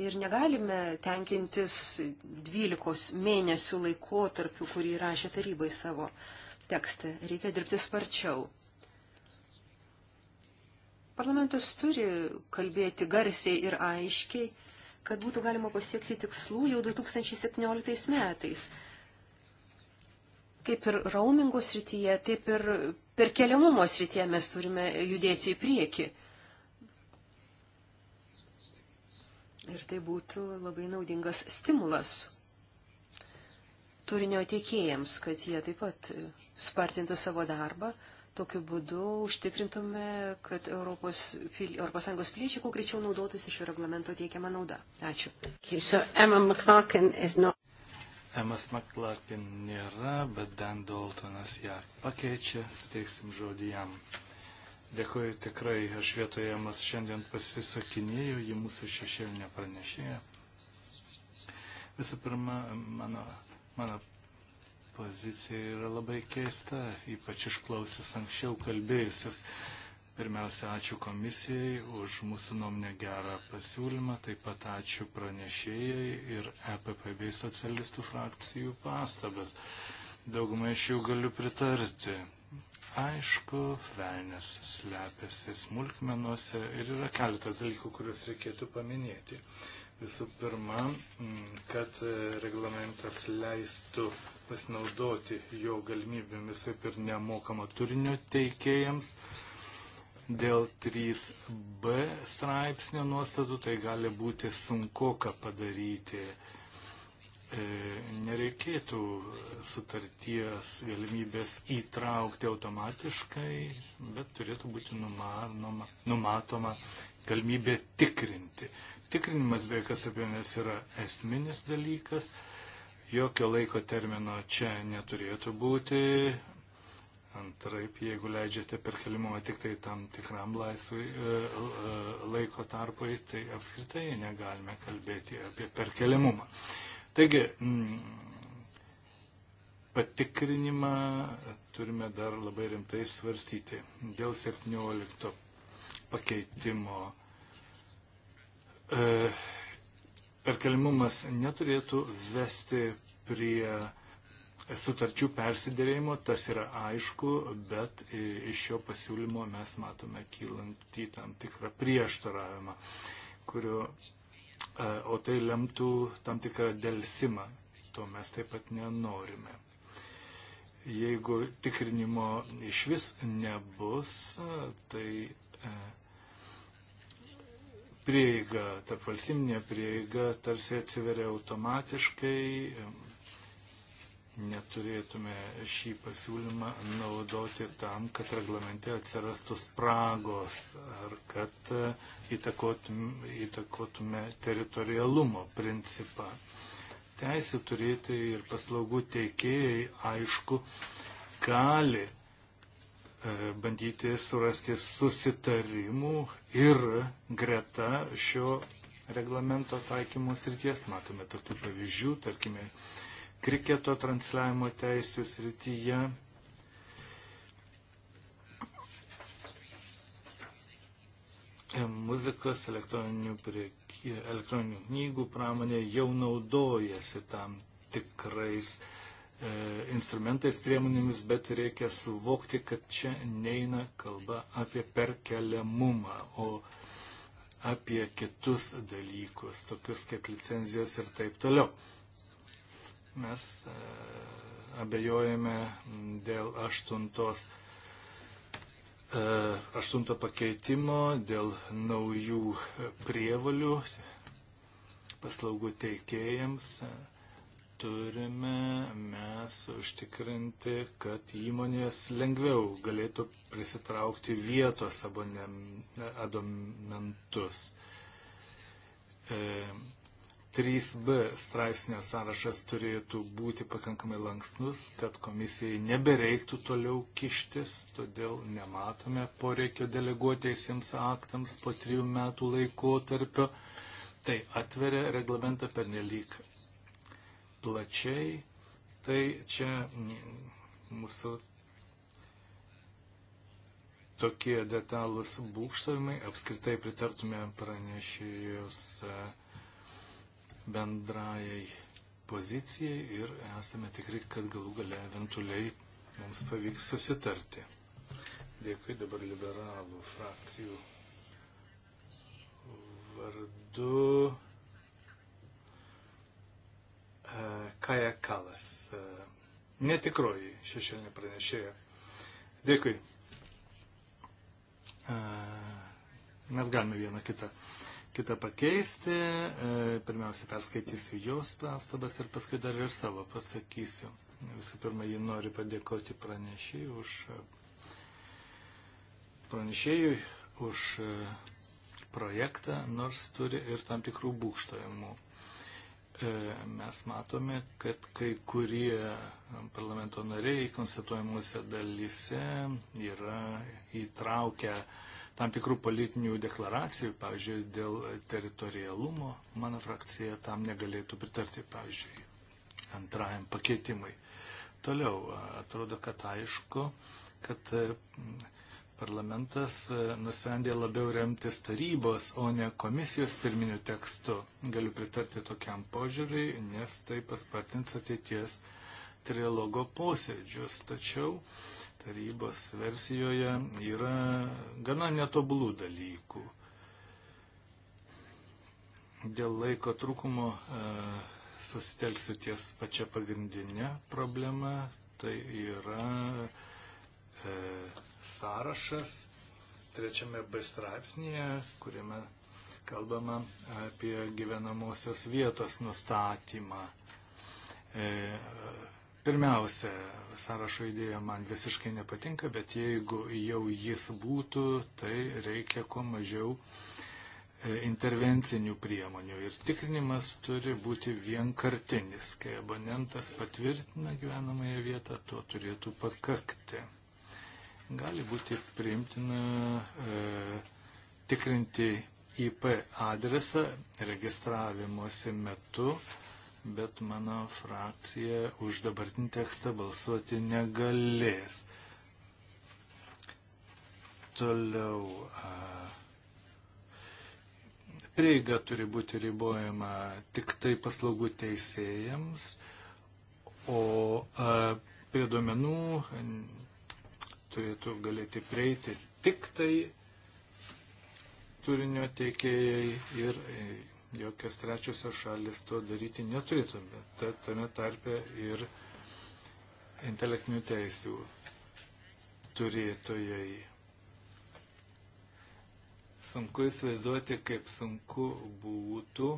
ir negalime tenkintis 12 mėnesių laikotarpiu, kurį rašė tarybai savo tekstą. Reikia dirbti sparčiau. Parlamentas turi kalbėti garsiai ir aiškiai, kad būtų galima pasiekti tikslų jau 2017 metais Kaip ir raumingo srityje, taip ir perkeliamumo srityje mes turime judėti į priekį. Ir tai būtų labai naudingas stimulas turinio teikėjams, kad jie taip pat spartintų savo darbą. Tokiu būdu užtikrintume, kad Europos, Europos Sąjungos piliečiai kuo greičiau naudotųsi šio reglamento teikiamą naudą. Ačiū. Okay, so Emas McLarkin nėra, bet Dan Daltonas ją pakeičia, suteiksim žodį jam. Dėkuoju tikrai, aš vietoje Emas šiandien pasisakinėjau, ji mūsų šešėlinė pranešėja. Visų pirma, mano, mano pozicija yra labai keista, ypač išklausęs anksčiau kalbėjusius. Pirmiausia, ačiū komisijai už mūsų nuomonę gerą pasiūlymą, taip pat ačiū pranešėjai ir EPP bei socialistų frakcijų pastabas. Daugumai iš jų galiu pritarti. Aišku, velnės slepiasi smulkmenuose ir yra keletas dalykų, kuriuos reikėtų paminėti. Visų pirma, mm, kad e, reglamentas leistų pasinaudoti jo galimybėmis kaip ir nemokamo turinio teikėjams. Dėl 3b straipsnio nuostatų tai gali būti sunku ką padaryti. E, nereikėtų sutarties galimybės įtraukti automatiškai, bet turėtų būti numanoma, numatoma galimybė tikrinti. Tikrinimas be jokios abejonės yra esminis dalykas jokio laiko termino čia neturėtų būti, Antraip, jeigu leidžiate perkelimą tik tai tam tikram laisvai e, e, laiko tarpai, tai apskritai negalime kalbėti apie perkelimumą. Taigi, mm, patikrinimą turime dar labai rimtai svarstyti dėl 17 pakeitimo. E, perkelimumas neturėtų vesti prie sutarčių persidėrėjimo, tas yra aišku, bet iš šio pasiūlymo mes matome kylant į tam tikrą prieštaravimą, kurio, e, o tai lemtų tam tikrą dėlsimą, to mes taip pat nenorime. Jeigu tikrinimo iš vis nebus, tai e, prieiga, tarp valstybinė prieiga tarsi atsiveria automatiškai, neturėtume šį pasiūlymą naudoti tam, kad reglamente atsirastų spragos ar kad e, įtakotume, įtakotume teritorialumo principą. Teisė turėti ir paslaugų teikėjai, aišku, gali e, bandyti surasti susitarimų ir greta šio reglamento taikymo srities. Matome tokių pavyzdžių, tarkime, kriketo transliavimo teisų srityje. Muzikos elektroninių, prie, elektroninių knygų pramonė jau naudojasi tam tikrais e, instrumentais, priemonėmis, bet reikia suvokti, kad čia neina kalba apie perkeliamumą, o apie kitus dalykus, tokius kaip licenzijos ir taip toliau mes e, abejojame dėl aštuntos, e, aštunto pakeitimo, dėl naujų prievalių paslaugų teikėjams. Turime mes užtikrinti, kad įmonės lengviau galėtų prisitraukti vietos abonementus. E, 3b straipsnio sąrašas turėtų būti pakankamai lankstus, kad komisijai nebereiktų toliau kištis, todėl nematome poreikio deleguotėsiems aktams po trijų metų laikotarpio. Tai atveria reglamentą per nelik plačiai. Tai čia mm, mūsų tokie detalus būkštavimai. Apskritai pritartume pranešėjus. Uh, e, bendrajai pozicijai ir esame tikri, kad galų gale eventualiai mums pavyks susitarti. Dėkui dabar liberalų frakcijų vardu. E, Kaja Kalas, e, netikroji šešėlinė pranešėja. Dėkui. E, mes galime vieną kitą kitą pakeisti. E, pirmiausia, perskaitysiu jos pastabas ir paskui dar ir savo pasakysiu. Visų pirma, jį noriu padėkoti pranešėjui už, pranešėjui už e, projektą, nors turi ir tam tikrų būkštojimų. E, mes matome, kad kai kurie parlamento nariai konstatuojamuose dalyse yra įtraukę uh, tam tikrų politinių deklaracijų, pavyzdžiui, dėl teritorialumo, mano frakcija tam negalėtų pritarti, pavyzdžiui, antrajam pakeitimui. Toliau, atrodo, kad aišku, kad mm, parlamentas e, nusprendė labiau remtis tarybos, o ne komisijos pirminiu tekstu. Galiu pritarti tokiam požiūriui, nes tai paspartins ateities trilogo posėdžius. Tačiau uh, tarybos versijoje yra gana netobulų dalykų. Dėl laiko trūkumo e, susitelsiu ties pačia pagrindinė problema, tai yra e, sąrašas trečiame B straipsnėje, kuriame kalbama apie gyvenamosios vietos nustatymą. E, Pirmiausia, sąrašo idėja man visiškai nepatinka, bet jeigu jau jis būtų, tai reikia kuo mažiau e, intervencinių priemonių ir tikrinimas turi būti vienkartinis. Kai abonentas patvirtina gyvenamąją vietą, to turėtų pakakti. Gali būti priimtina e, tikrinti IP adresą registravimosi metu, e, bet mano frakcija už dabartinį tekstą balsuoti negalės. Toliau. Prieiga turi būti ribojama tik tai paslaugų teisėjams, o prie duomenų turėtų galėti prieiti tik tai turinio teikėjai ir jokios trečiosios šalis to daryti neturėtume, tad tame tarpe ir intelektinių teisių turėtojai. Sunku įsivaizduoti, kaip sunku būtų,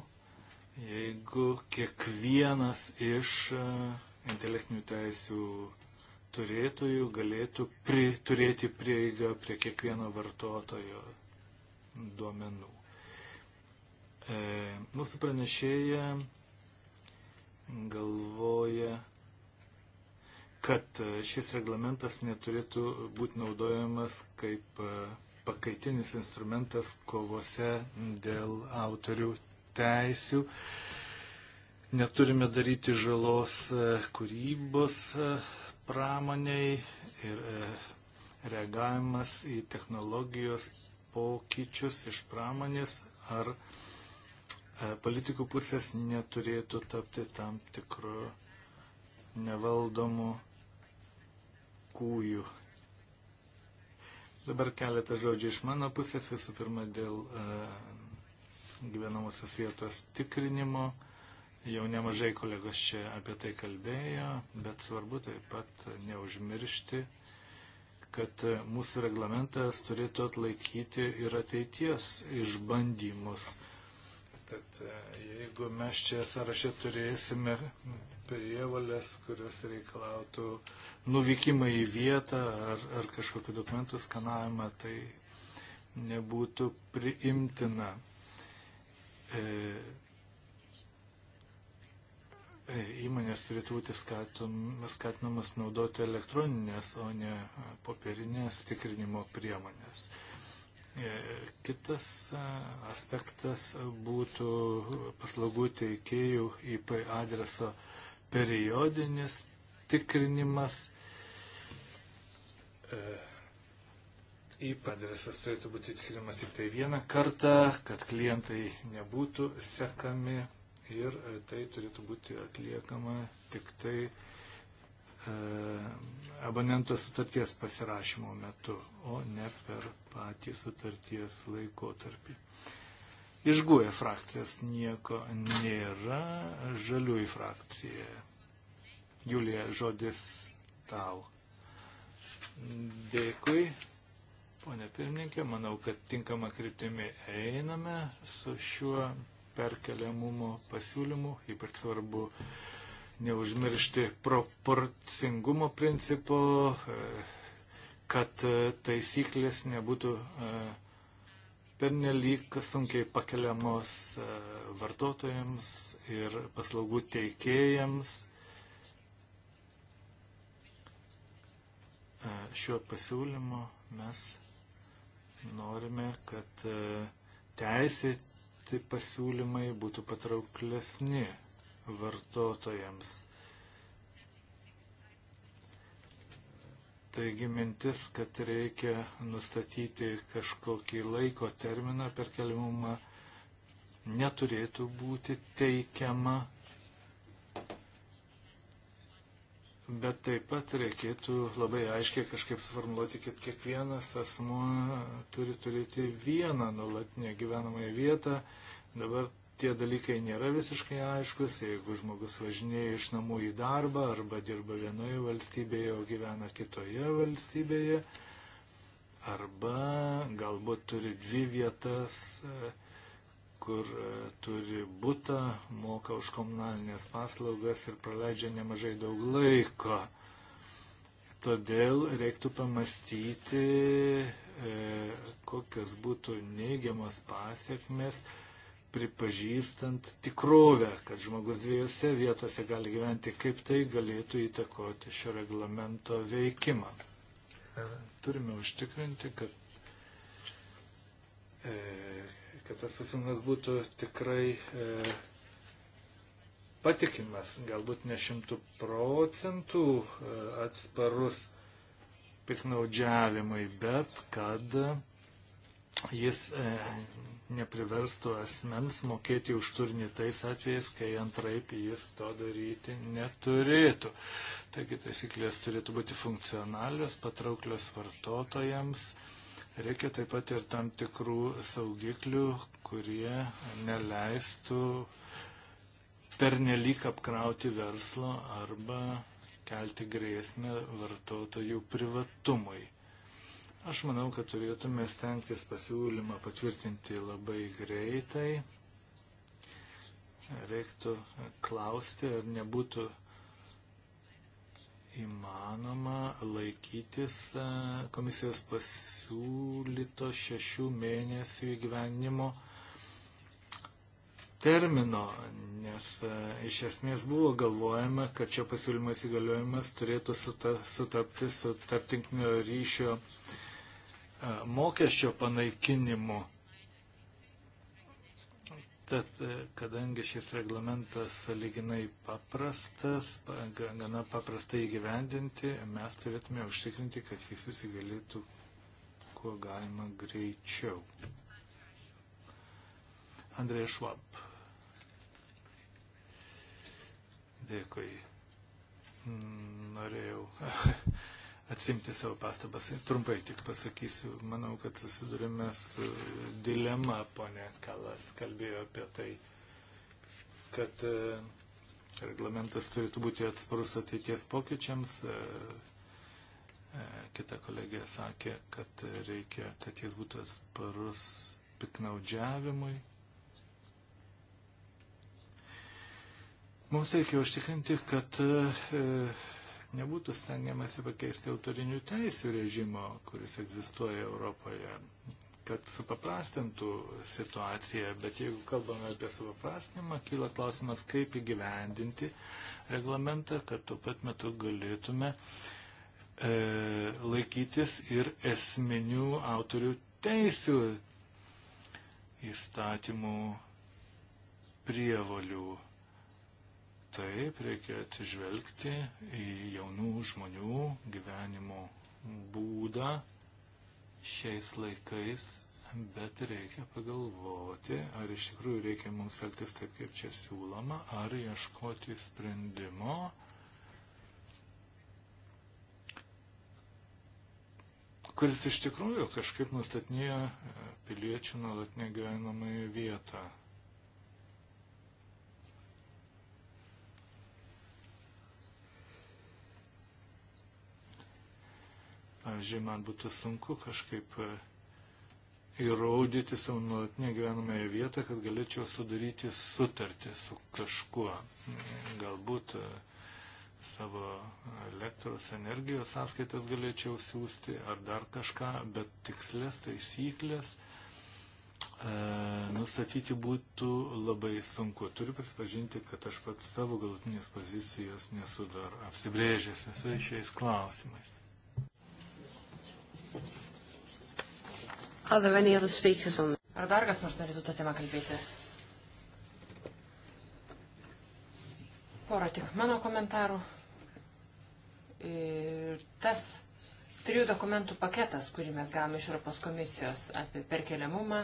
jeigu kiekvienas iš e, intelektinių teisių turėtojų galėtų pri, turėti prieigą prie kiekvieno vartotojo duomenų. E, mūsų pranešėja galvoja, kad šis reglamentas neturėtų būti naudojamas kaip e, pakaitinis instrumentas kovose dėl autorių teisių. Neturime daryti žalos e, kūrybos pramoniai ir reagavimas į technologijos pokyčius iš pramonės ar uh, E, politikų pusės neturėtų tapti tam tikru nevaldomu kūju. Dabar keletą žodžių iš mano pusės, visų pirma dėl e, gyvenamosios vietos tikrinimo. Jau nemažai kolegos čia apie tai kalbėjo, bet svarbu taip pat neužmiršti, kad mūsų reglamentas turėtų atlaikyti ir ateities išbandymus Tad e, jeigu mes čia sąraše turėsime prievalės, kurios reikalautų nuvykimą į vietą ar, ar kažkokiu dokumentų skanavimą, tai nebūtų priimtina. E, e įmonės turėtų būti skatinamas naudoti elektroninės, o ne popierinės tikrinimo priemonės. E, E, kitas e, aspektas būtų paslaugų teikėjų IP adreso periodinis tikrinimas. E, IP adresas turėtų būti tikrinimas tik tai vieną kartą, kad klientai nebūtų sekami ir tai turėtų būti atliekama tik tai uh, E, abonento sutarties pasirašymo metu, o ne per patį sutarties laikotarpį. Iš GUE frakcijas nieko nėra, žaliųjų frakcija. Julija, žodis tau. Dėkui. Pone pirmininkė, manau, kad tinkama kryptimi einame su šiuo perkeliamumo pasiūlymu, ypač svarbu uh, neužmiršti proporcingumo principo, e, kad e, taisyklės nebūtų e, pernelyg sunkiai pakeliamos vartotojams ir paslaugų teikėjams. Šiuo pasiūlymu mes norime, kad teisėti pasiūlymai būtų patrauklesni vartotojams. Taigi mintis, kad reikia nustatyti kažkokį laiko terminą perkeliamumą, neturėtų būti teikiama, bet taip pat reikėtų labai aiškiai kažkaip sformuoluoti, kad kiekvienas asmuo turi turėti vieną nuolatinę gyvenamąją vietą. Dabar tie dalykai nėra visiškai aiškus. Jeigu žmogus važinėja iš namų į darbą arba dirba vienoje valstybėje, o gyvena kitoje valstybėje, arba galbūt turi dvi vietas, e, kur e, turi būtą, moka už komunalinės paslaugas ir praleidžia nemažai daug laiko. Todėl reiktų pamastyti, e, kokios būtų neigiamos pasiekmes pripažįstant tikrovę, kad žmogus dviejose vietose gali gyventi, kaip tai galėtų įtakoti šio reglamento veikimą. Turime užtikrinti, kad, e, kad tas pasiūlymas būtų tikrai e, patikimas, galbūt ne šimtų procentų e, atsparus piknaudžiavimui, bet kad jis e, nepriverstų asmens mokėti už turinį tais atvejais, kai antraip jis to daryti neturėtų. Taigi taisyklės turėtų būti funkcionalios, patrauklios vartotojams. Reikia taip pat ir tam tikrų saugiklių, kurie neleistų pernelyg apkrauti verslo arba kelti grėsmę vartotojų privatumui. Aš manau, kad turėtume stengtis pasiūlymą patvirtinti labai greitai. Reiktų klausti, ar nebūtų įmanoma laikytis e, komisijos pasiūlyto šešių mėnesių įgyvenimo termino, nes e, iš esmės buvo galvojama, kad šio pasiūlymo įsigaliojimas turėtų sutapti su tarptinklinio ryšio uh, E, mokesčio panaikinimu. Tad, e, kadangi šis reglamentas saliginai paprastas, gana paprastai įgyvendinti, mes turėtume užtikrinti, kad jis įsigalėtų kuo galima greičiau. Andrė Švab. Dėkui. Norėjau atsimti savo pastabas. Ir trumpai tik pasakysiu, manau, kad susidurime su dilema, ponė Kalas kalbėjo apie tai, kad e, reglamentas turėtų būti atsparus ateities pokyčiams. E, e, kita kolegė sakė, kad reikia, kad jis būtų atsparus piknaudžiavimui. Mums reikia užtikrinti, kad e, nebūtų stengiamasi pakeisti autorinių teisų režimo, kuris egzistuoja Europoje, kad supaprastintų situaciją. Bet jeigu kalbame apie supaprastinimą, kyla klausimas, kaip įgyvendinti reglamentą, kad tuo pat metu galėtume e, laikytis ir esminių autorių teisų įstatymų prievalių. Taip, reikia atsižvelgti į jaunų žmonių gyvenimo būdą šiais laikais, bet reikia pagalvoti, ar iš tikrųjų reikia mums elgtis taip, kaip čia siūloma, ar ieškoti sprendimo, kuris iš tikrųjų kažkaip nustatinėjo piliečių nuolatinę gyvenamąją vietą. Pavyzdžiui, man būtų sunku kažkaip e, įrodyti savo nuolatinę gyvenamąją vietą, kad galėčiau sudaryti sutartį su kažkuo. Galbūt e, savo elektros energijos sąskaitas galėčiau siūsti ar dar kažką, bet tikslės taisyklės e, nustatyti būtų labai sunku. Turiu prisipažinti, kad aš pats savo galutinės pozicijos nesu dar apsibrėžęs visais šiais klausimais. Ar dar kas nors norėtų tą temą kalbėti? Porą tik mano komentarų. Ir tas trijų dokumentų paketas, kurį mes gavome iš Europos komisijos apie perkeliamumą,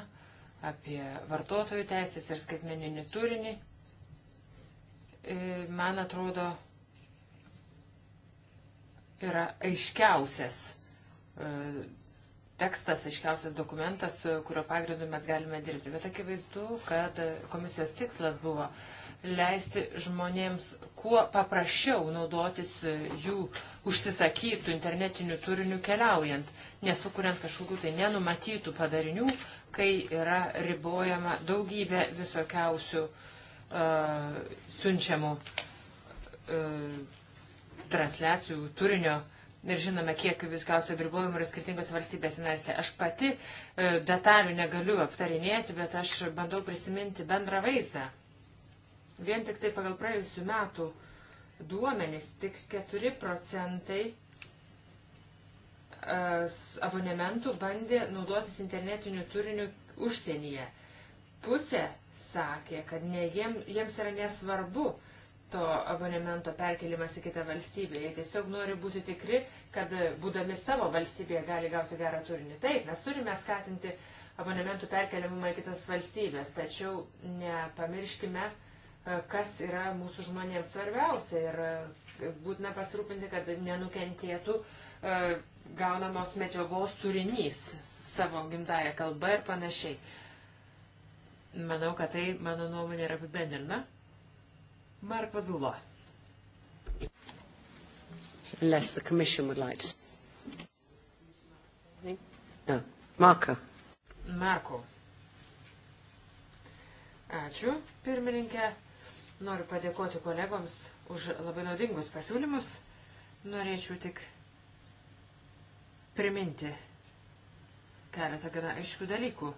apie vartotojų teisės ir skaitmeninį turinį, e, man atrodo, yra aiškiausias e, tekstas, aiškiausias dokumentas, kurio pagrindu mes galime dirbti. Bet akivaizdu, kad komisijos tikslas buvo leisti žmonėms kuo paprasčiau naudotis jų užsisakytų internetinių turinių keliaujant, nesukuriant kažkokių tai nenumatytų padarinių, kai yra ribojama daugybė visokiausių uh, siunčiamų uh, transliacijų turinio uh, ir žinome, kiek viskiausių apribojimų yra skirtingos valstybės narėse. Aš pati e, detalių negaliu aptarinėti, bet aš bandau prisiminti bendrą vaizdą. Vien tik tai pagal praėjusių metų duomenys tik 4 procentai e, abonementų bandė naudotis internetiniu turiniu užsienyje. Pusė sakė, kad ne, jiem, jiems yra nesvarbu, uh, to abonemento perkelimas į kitą valstybę. Jie tiesiog nori būti tikri, kad būdami savo valstybėje gali gauti gerą turinį. Taip, mes turime skatinti abonementų perkeliamumą į kitas valstybės, tačiau nepamirškime, e, kas yra mūsų žmonėms svarbiausia ir e, būtina pasirūpinti, kad nenukentėtų e, gaunamos medžiagos turinys savo gimtają kalbą ir panašiai. Manau, kad tai, mano nuomonė, yra apibendrina. Marko Zulo. Unless the commission would like to... No. Marko. Marko. Ačiū, pirmininkė. Noriu padėkoti kolegoms už labai naudingus pasiūlymus. Norėčiau tik priminti keletą gana aiškių dalykų,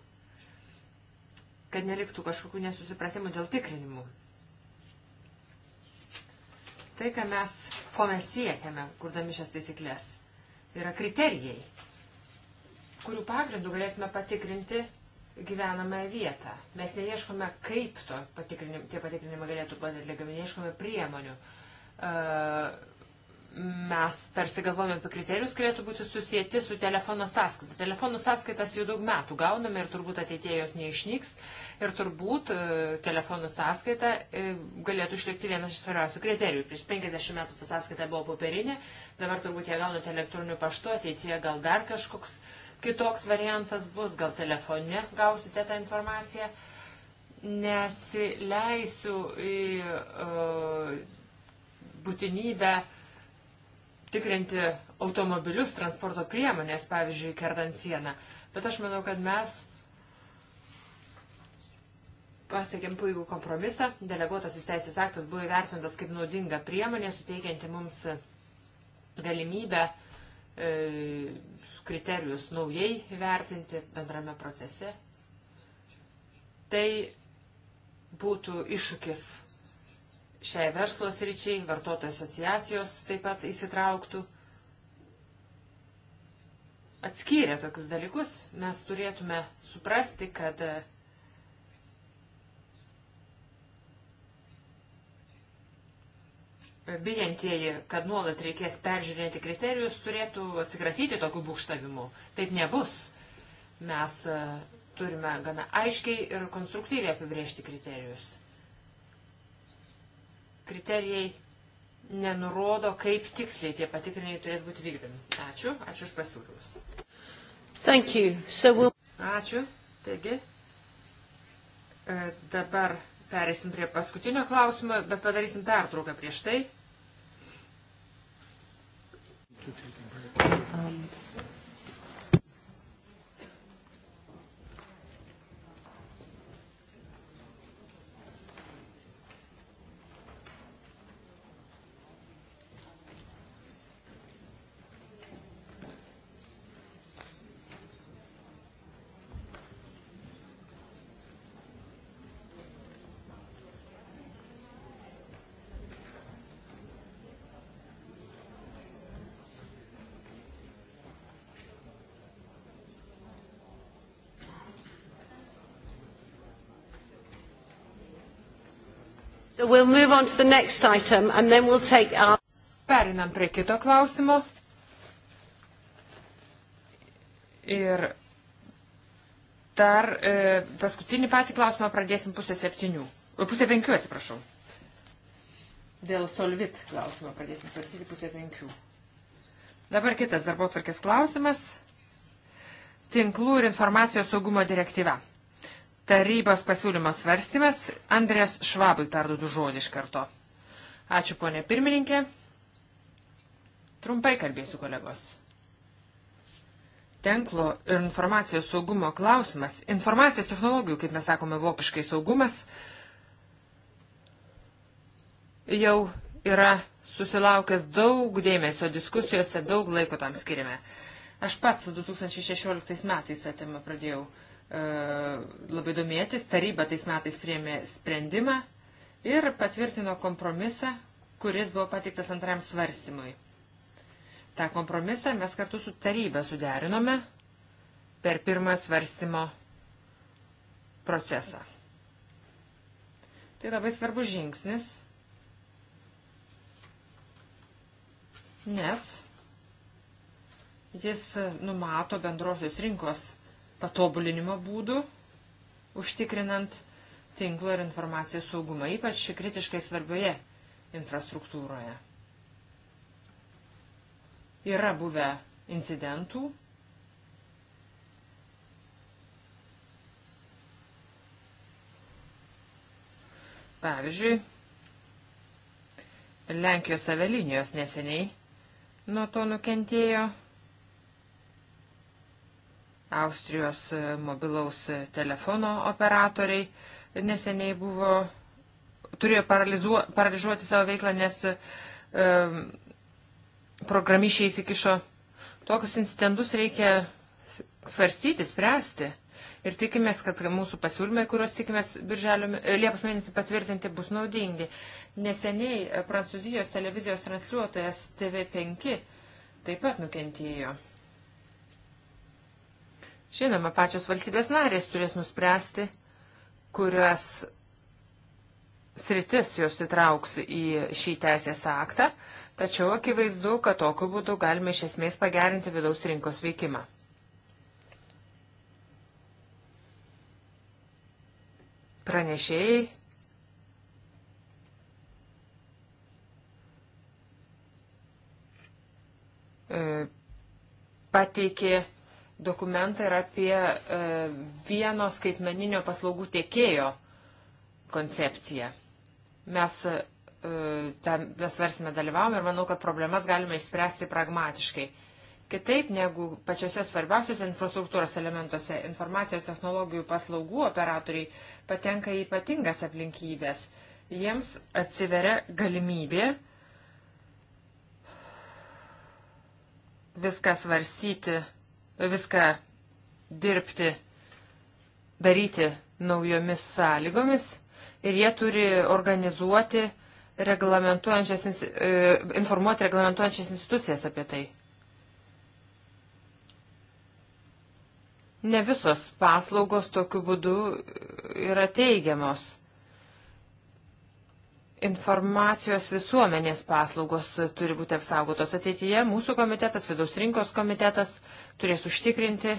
kad neliktų kažkokių nesusipratimų dėl tikrinimų. Tai, ką mes, ko mes siekiame, kurdami šias taisyklės, yra kriterijai, kurių pagrindų galėtume patikrinti gyvenamąją vietą. Mes neieškome, kaip to patikrinim, tie patikrinimai galėtų būti atliekami, neieškome priemonių. Uh, mes tarsi galvojame apie kriterijus, turėtų būti susijęti su telefono sąskaita. Telefonų sąskaitas jau daug metų gauname ir turbūt ateitėje jos neišnyks. Ir turbūt e, telefonų sąskaita e, galėtų išlikti vienas iš svarbiausių kriterijų. Prieš 50 metų ta sąskaita buvo popierinė, dabar turbūt ją gaunate elektroniniu paštu, ateityje gal dar kažkoks kitoks variantas bus, gal telefone gausite tą informaciją. Nesileisiu į uh, e, būtinybę uh, tikrinti automobilius, transporto priemonės, pavyzdžiui, kertant sieną. Bet aš manau, kad mes pasiekėm puikų kompromisą. Deleguotasis teisės aktas buvo įvertintas kaip naudinga priemonė, suteikianti mums galimybę e, kriterijus naujai įvertinti bendrame procese. Tai būtų iššūkis šiai verslo sričiai, vartotojų asociacijos taip pat įsitrauktų. Atskyrė tokius dalykus, mes turėtume suprasti, kad e, bijantieji, kad nuolat reikės peržiūrėti kriterijus, turėtų atsikratyti tokių būkštavimų. Taip nebus. Mes e, turime gana aiškiai ir konstruktyviai apibriežti kriterijus kriterijai nenurodo, kaip tiksliai tie patikrinimai turės būti vykdomi. Ačiū, ačiū už pasiūlymus. Thank you. So we'll... Ačiū. Taigi, e, dabar perėsim prie paskutinio klausimo, bet padarysim pertrauką prieš tai. We'll move on to the next item and then we'll take our... Perinam prie kito klausimo. Ir dar e, paskutinį patį klausimą pradėsim pusę septynių. Pusę penkių, atsiprašau. Dėl solvit klausimą pradėsim svarstyti pusę penkių. Dabar kitas darbo tvarkės klausimas. Tinklų ir informacijos saugumo direktyva tarybos pasiūlymo svarstymas. Andrės Švabui perduodu žodį iš karto. Ačiū, ponė pirmininkė. Trumpai kalbėsiu, kolegos. Tenklo ir informacijos saugumo klausimas, informacijos technologijų, kaip mes sakome, vokiškai saugumas, jau yra susilaukęs daug dėmesio diskusijose, daug laiko tam skiriame. Aš pats 2016 metais atimą pradėjau uh, E, labai domėtis. Taryba tais metais priėmė sprendimą ir patvirtino kompromisą, kuris buvo patiktas antram svarstymui. Ta kompromisą mes kartu su taryba suderinome per pirmojo svarstymo procesą. Tai labai svarbus žingsnis, nes jis numato bendrosios rinkos patobulinimo būdų, užtikrinant tinklo ir informacijos saugumą, ypač kritiškai svarbioje infrastruktūroje. Yra buvę incidentų. Pavyzdžiui, Lenkijos avialinijos neseniai nuo to nukentėjo. Austrijos mobilaus telefono operatoriai neseniai buvo, turėjo paralyžuoti savo veiklą, nes um, programišiai įsikišo. Tokius incidentus reikia svarstyti, spręsti. Ir tikimės, kad mūsų pasiūlymai, kuriuos tikimės birželio, e, Liepos mėnesį patvirtinti, bus naudingi. Neseniai Prancūzijos televizijos transliuotojas TV5 taip pat nukentėjo. Žinoma, pačios valstybės narės turės nuspręsti, kurias sritis jūs įtrauks į šį teisės aktą, tačiau akivaizdu, kad tokiu būdu galime iš esmės pagerinti vidaus rinkos veikimą. Pranešėjai. E, pateikė dokumentą ir apie e, vieno skaitmeninio paslaugų tiekėjo koncepciją. Mes e, tą svarsime dalyvavom ir manau, kad problemas galime išspręsti pragmatiškai. Kitaip negu pačiose svarbiausiose infrastruktūros elementuose informacijos technologijų paslaugų operatoriai patenka į ypatingas aplinkybės. Jiems atsiveria galimybė viską svarsyti viską dirbti, daryti naujomis sąlygomis ir jie turi organizuoti reglamentuojančias, e, informuoti reglamentuojančias institucijas apie tai. Ne visos paslaugos tokiu būdu yra teigiamos. Informacijos visuomenės paslaugos turi būti apsaugotos ateityje. Mūsų komitetas, vidaus rinkos komitetas turės užtikrinti,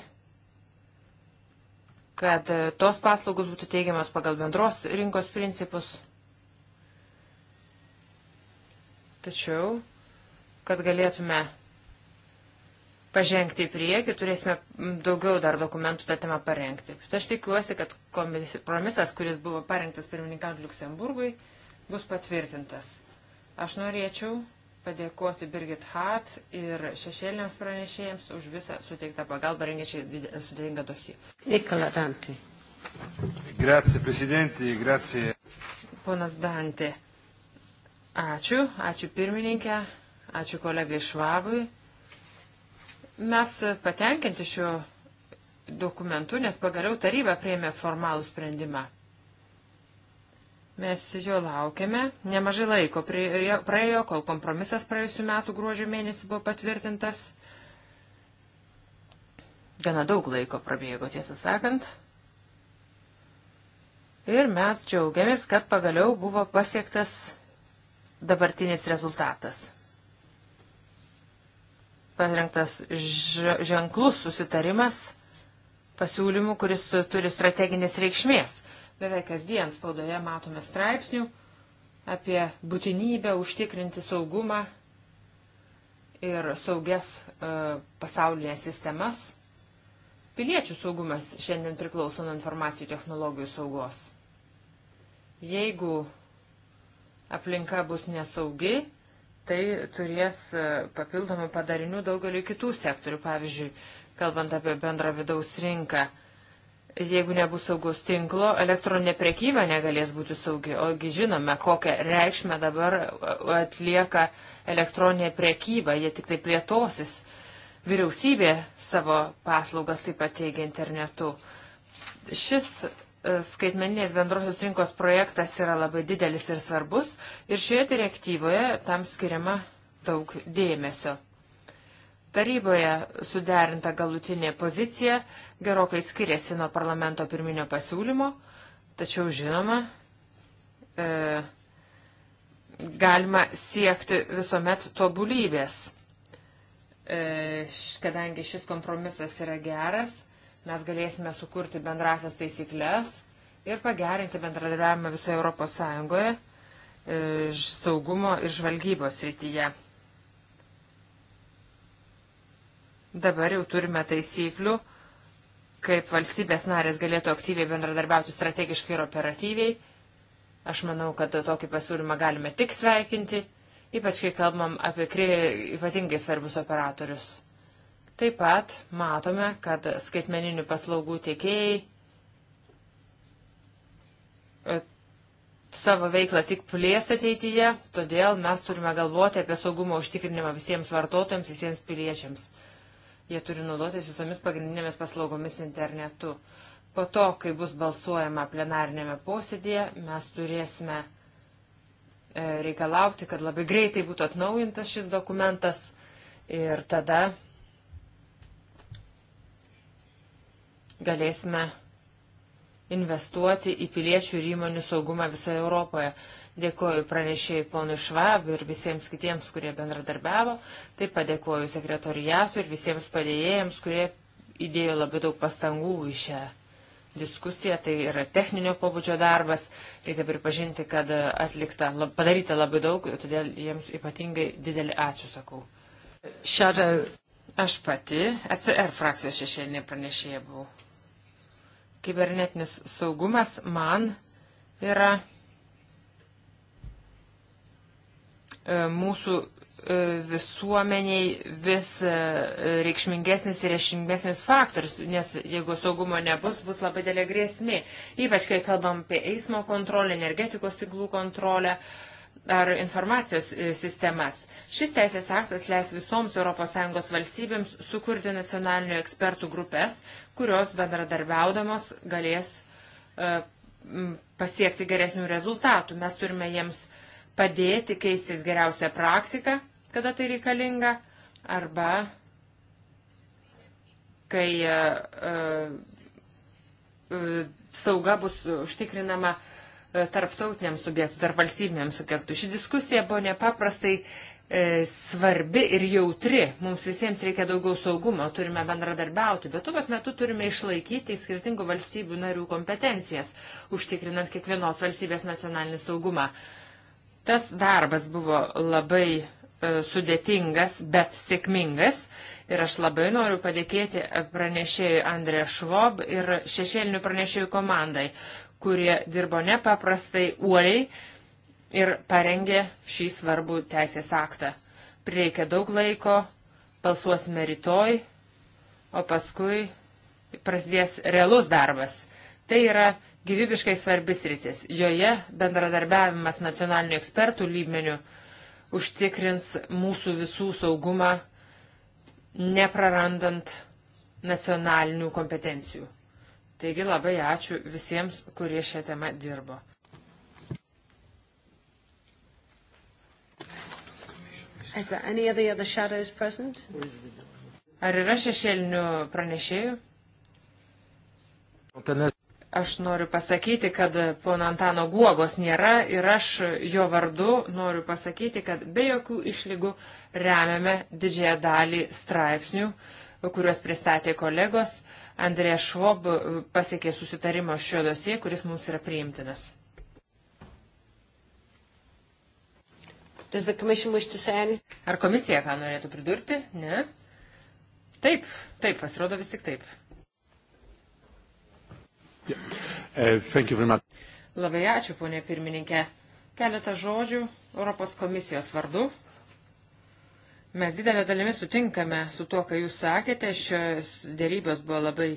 kad tos paslaugos būtų teigiamas pagal bendros rinkos principus. Tačiau, kad galėtume pažengti į priekį, turėsime daugiau dar dokumentų tą temą parengti. Bet aš tikiuosi, kad kompromisas, kuris buvo parengtas pirmininkant Luksemburgui, bus patvirtintas. Aš norėčiau padėkoti Birgit Hat ir šešėliniams pranešėjams už visą suteiktą pagalbą rengiančiai sudėtingą dosiją. Nikola Dantį. Grazie, prezidentė, grazie. Ponas Dantė, ačiū, ačiū pirmininkė, ačiū kolegai Švabui. Mes patenkinti šiuo dokumentu, nes pagaliau taryba prieimė formalų sprendimą. Mes jo laukiame. Nemažai laiko praėjo, kol kompromisas praėjusiu metu gruodžio mėnesį buvo patvirtintas. Gana daug laiko prabėgo, tiesą sakant. Ir mes džiaugiamės, kad pagaliau buvo pasiektas dabartinis rezultatas. Pasirinktas ženklus susitarimas pasiūlymų, kuris turi strateginės reikšmės Beveik kasdien spaudoje matome straipsnių apie būtinybę užtikrinti saugumą ir saugias e, pasaulinės sistemas. Piliečių saugumas šiandien priklauso nuo informacijų technologijų saugos. Jeigu aplinka bus nesaugi, tai turės e, papildomų padarinių daugeliu kitų sektorių. Pavyzdžiui, kalbant apie bendrą vidaus rinką, jeigu nebus saugus tinklo, elektroninė prekyba negalės būti saugi. Ogi žinome, kokią reikšmę dabar e, atlieka elektroninė prekyba, jie tik tai plėtosis. Vyriausybė savo paslaugas taip pat teigia internetu. Šis e, skaitmeninės bendrosios rinkos projektas yra labai didelis ir svarbus ir šioje direktyvoje tam skiriama daug dėmesio. Taryboje suderinta galutinė pozicija gerokai skiriasi nuo parlamento pirminio pasiūlymo, tačiau žinoma, e, galima siekti visuomet tobulybės. E, kadangi šis kompromisas yra geras, mes galėsime sukurti bendrasias taisyklės ir pagerinti bendradarbiavimą visoje Europos Sąjungoje e, saugumo ir žvalgybos rytyje. Dabar jau turime taisyklių, kaip valstybės narės galėtų aktyviai bendradarbiauti strategiškai ir operatyviai. Aš manau, kad tokį pasiūlymą galime tik sveikinti, ypač kai kalbam apie ypatingai svarbius operatorius. Taip pat matome, kad skaitmeninių paslaugų tiekėjai e, savo veiklą tik plės ateityje, todėl mes turime galvoti apie saugumo užtikrinimą visiems vartotojams, visiems piliečiams. Jie turi naudotis visomis pagrindinėmis paslaugomis internetu. Po to, kai bus balsuojama plenarinėme posėdėje, mes turėsime e, reikalauti, kad labai greitai būtų atnaujintas šis dokumentas ir tada galėsime investuoti į piliečių ir įmonių saugumą visoje Europoje. Dėkuoju pranešėjai ponui Švab ir visiems kitiems, kurie bendradarbiavo. Taip pat dėkuoju sekretoriatui ir visiems padėjėjams, kurie įdėjo labai daug pastangų į šią diskusiją. Tai yra techninio pobūdžio darbas. Reikia pripažinti, kad atlikta, lab, padaryta labai daug, todėl jiems ypatingai didelį ačiū sakau. Shadow. Aš pati ECR frakcijos šešėlinė pranešėja buvau. Kibernetinis saugumas man yra E, mūsų e, visuomeniai vis e, reikšmingesnis ir reikšmingesnis faktorius, nes jeigu saugumo nebus, bus labai dėlė grėsmė. Ypač, kai kalbam apie eismo kontrolę, energetikos tiklų kontrolę ar informacijos sistemas. Šis teisės aktas leis visoms ES valstybėms sukurti nacionalinių ekspertų grupės, kurios bendradarbiaudamos galės pasiekti geresnių rezultatų. Mes turime jiems padėti keistis geriausią praktiką, kada tai reikalinga, arba kai uh, uh, sauga bus užtikrinama uh, tarptautiniam subjektų, tarp valstybiniam subjektų. Ši diskusija buvo nepaprastai svarbi ir jautri. Mums visiems reikia daugiau saugumo, turime bendradarbiauti, bet tuo pat metu turime išlaikyti skirtingų valstybių narių kompetencijas, užtikrinant kiekvienos valstybės nacionalinį saugumą. Uh, Tas darbas buvo labai e, sudėtingas, bet sėkmingas. Ir aš labai noriu padėkėti pranešėjui Andrė Švob ir šešėlinių pranešėjų komandai, kurie dirbo nepaprastai uoliai ir parengė šį svarbų teisės aktą. Prireikia daug laiko, balsuosime rytoj, o paskui prasidės realus darbas. Tai yra gyvybiškai svarbis rytis. Joje bendradarbiavimas nacionalinių ekspertų lygmenių užtikrins mūsų visų saugumą, neprarandant nacionalinių kompetencijų. Taigi labai ačiū visiems, kurie šią temą dirbo. Ar yra šešėlinių pranešėjų? Aš noriu pasakyti, kad pono Antano Guogos nėra ir aš jo vardu noriu pasakyti, kad be jokių išlygų remiame didžiąją dalį straipsnių, kuriuos pristatė kolegos. Andrė Švob pasiekė susitarimo šio dosie, kuris mums yra priimtinas. Ar komisija ką norėtų pridurti? Ne? Taip, taip, pasirodo vis tik taip. Yeah. Uh, labai ačiū, ponė pirmininkė. Keletą žodžių Europos komisijos vardu. Mes didelė dalimi sutinkame su tuo, ką jūs sakėte. Šios dėrybos buvo labai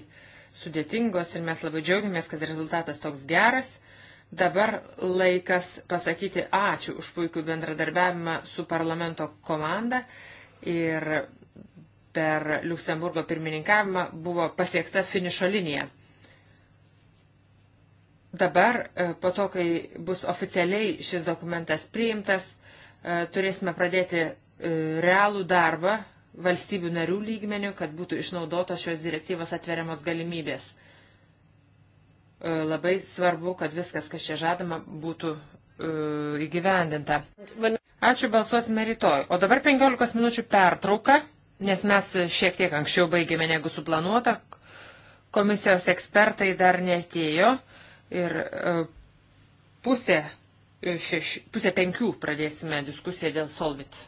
sudėtingos ir mes labai džiaugiamės, kad rezultatas toks geras. Dabar laikas pasakyti ačiū už puikų bendradarbiavimą su parlamento komanda ir per Luksemburgo pirmininkavimą buvo pasiekta finišo linija. Dabar, e, po to, kai bus oficialiai šis dokumentas priimtas, e, turėsime pradėti e, realų darbą valstybių narių lygmenių, kad būtų išnaudotos šios direktyvos atveriamos galimybės. Labai svarbu, kad viskas, kas čia žadama, būtų įgyvendinta. Ačiū, balsuosime rytoj. O dabar 15 minučių pertrauka, nes mes šiek tiek anksčiau baigėme negu suplanuota. Komisijos ekspertai dar netėjo ir e, pusę, šeš, pusę penkių pradėsime diskusiją dėl Solvit.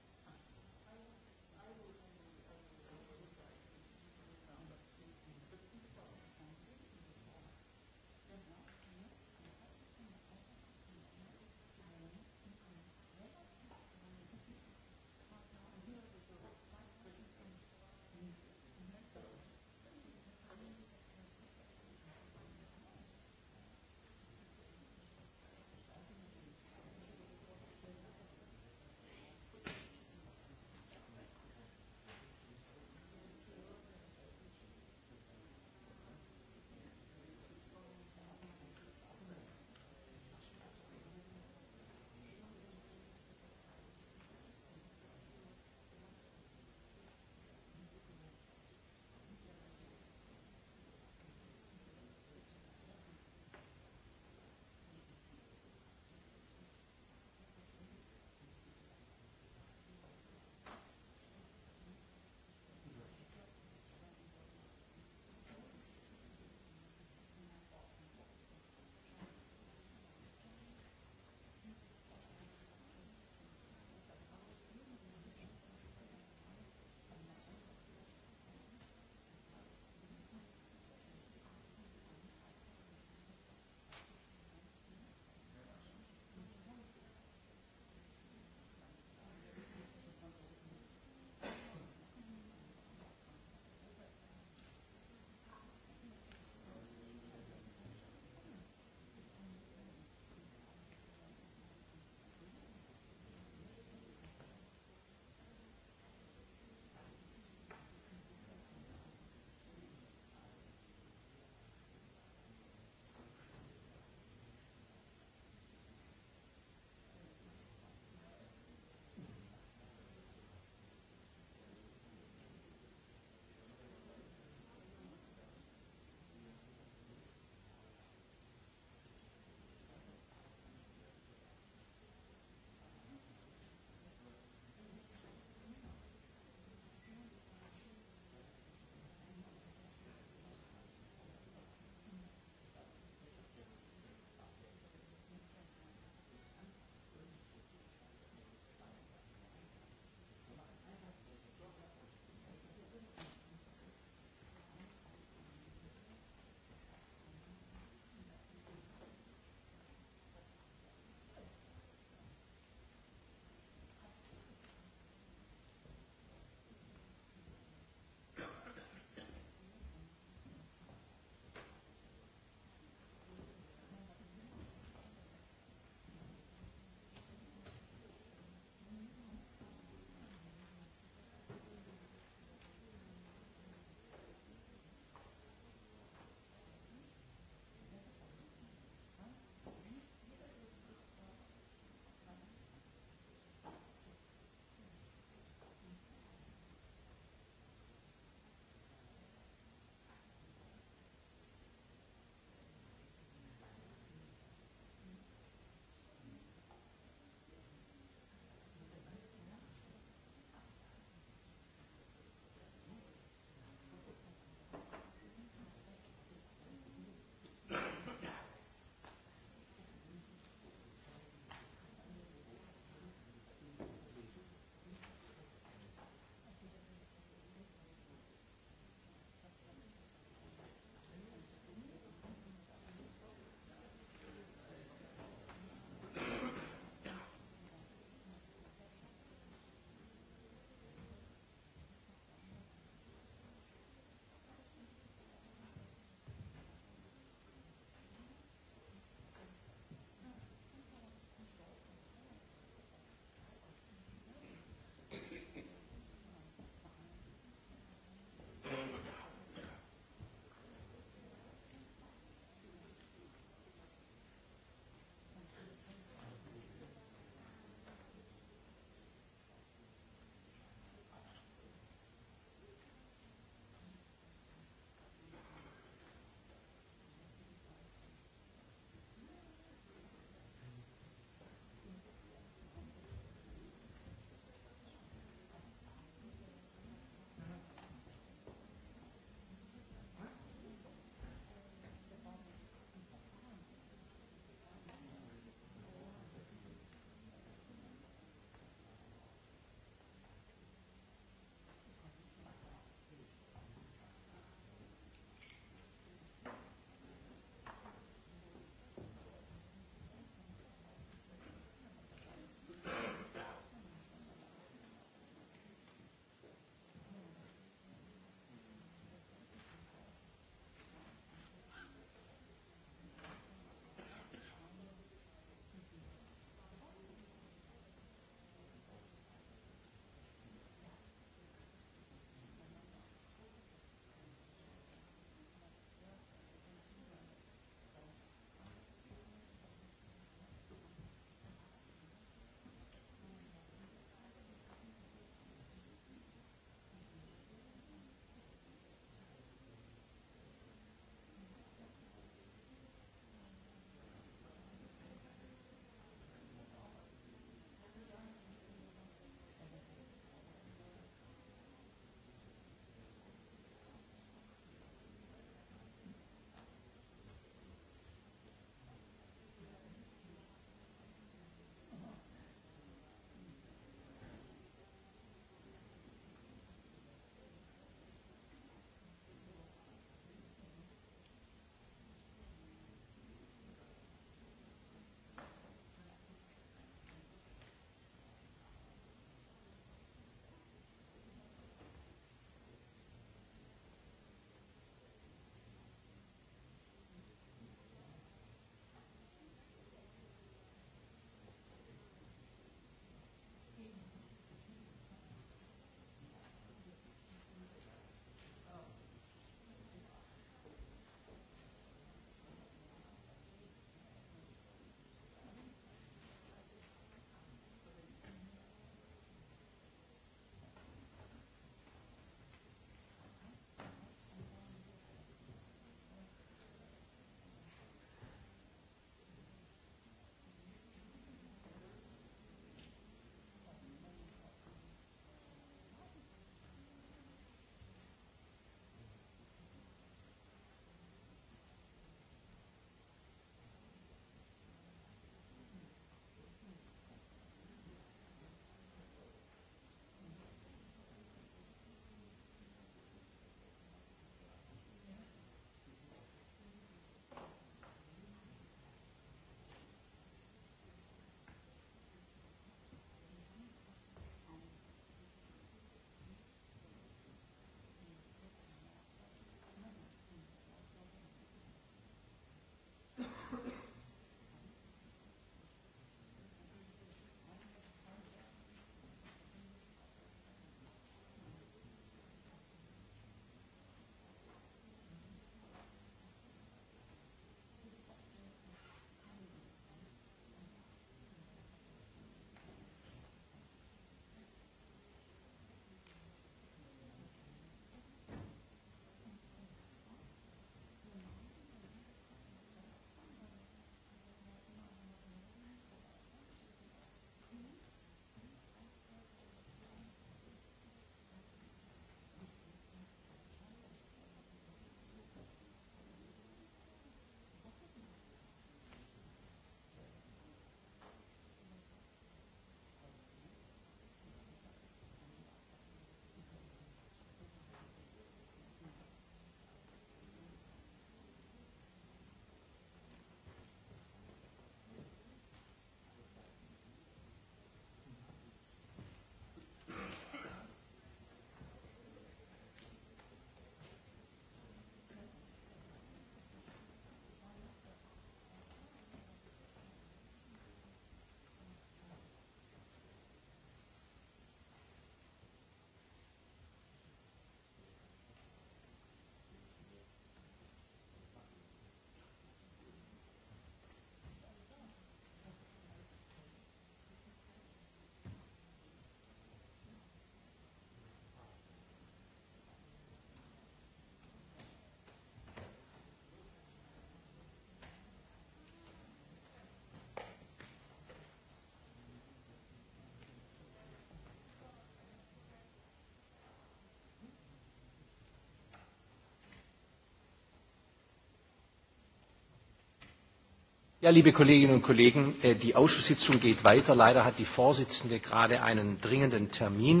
Ja, liebe Kolleginnen und Kollegen, äh, die Ausschusssitzung geht weiter. Leider hat die Vorsitzende gerade einen dringenden Termin.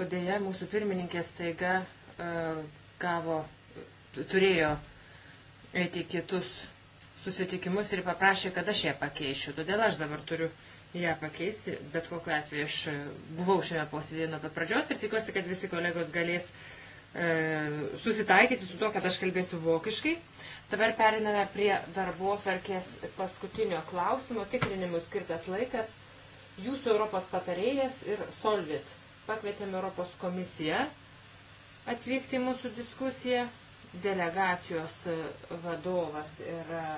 Dėja, mūsų pirmininkė staiga äh, gavo, turėjo eiti į kitus susitikimus ir paprašė, kad aš ją pakeišiu. Todėl aš dabar turiu ją pakeisti. Bet kokiu atveju aš buvau šiame posėdėje nuo pat pradžios ir tikiuosi, kad visi kolegos galės uh, E, susitaikyti su to, kad aš kalbėsiu vokiškai. Dabar periname prie darbo tvarkės paskutinio klausimo, tikrinimui skirtas laikas. Jūsų Europos patarėjas ir Solvit. Pakvietėme Europos komisiją atvykti į mūsų diskusiją. Delegacijos vadovas ir e,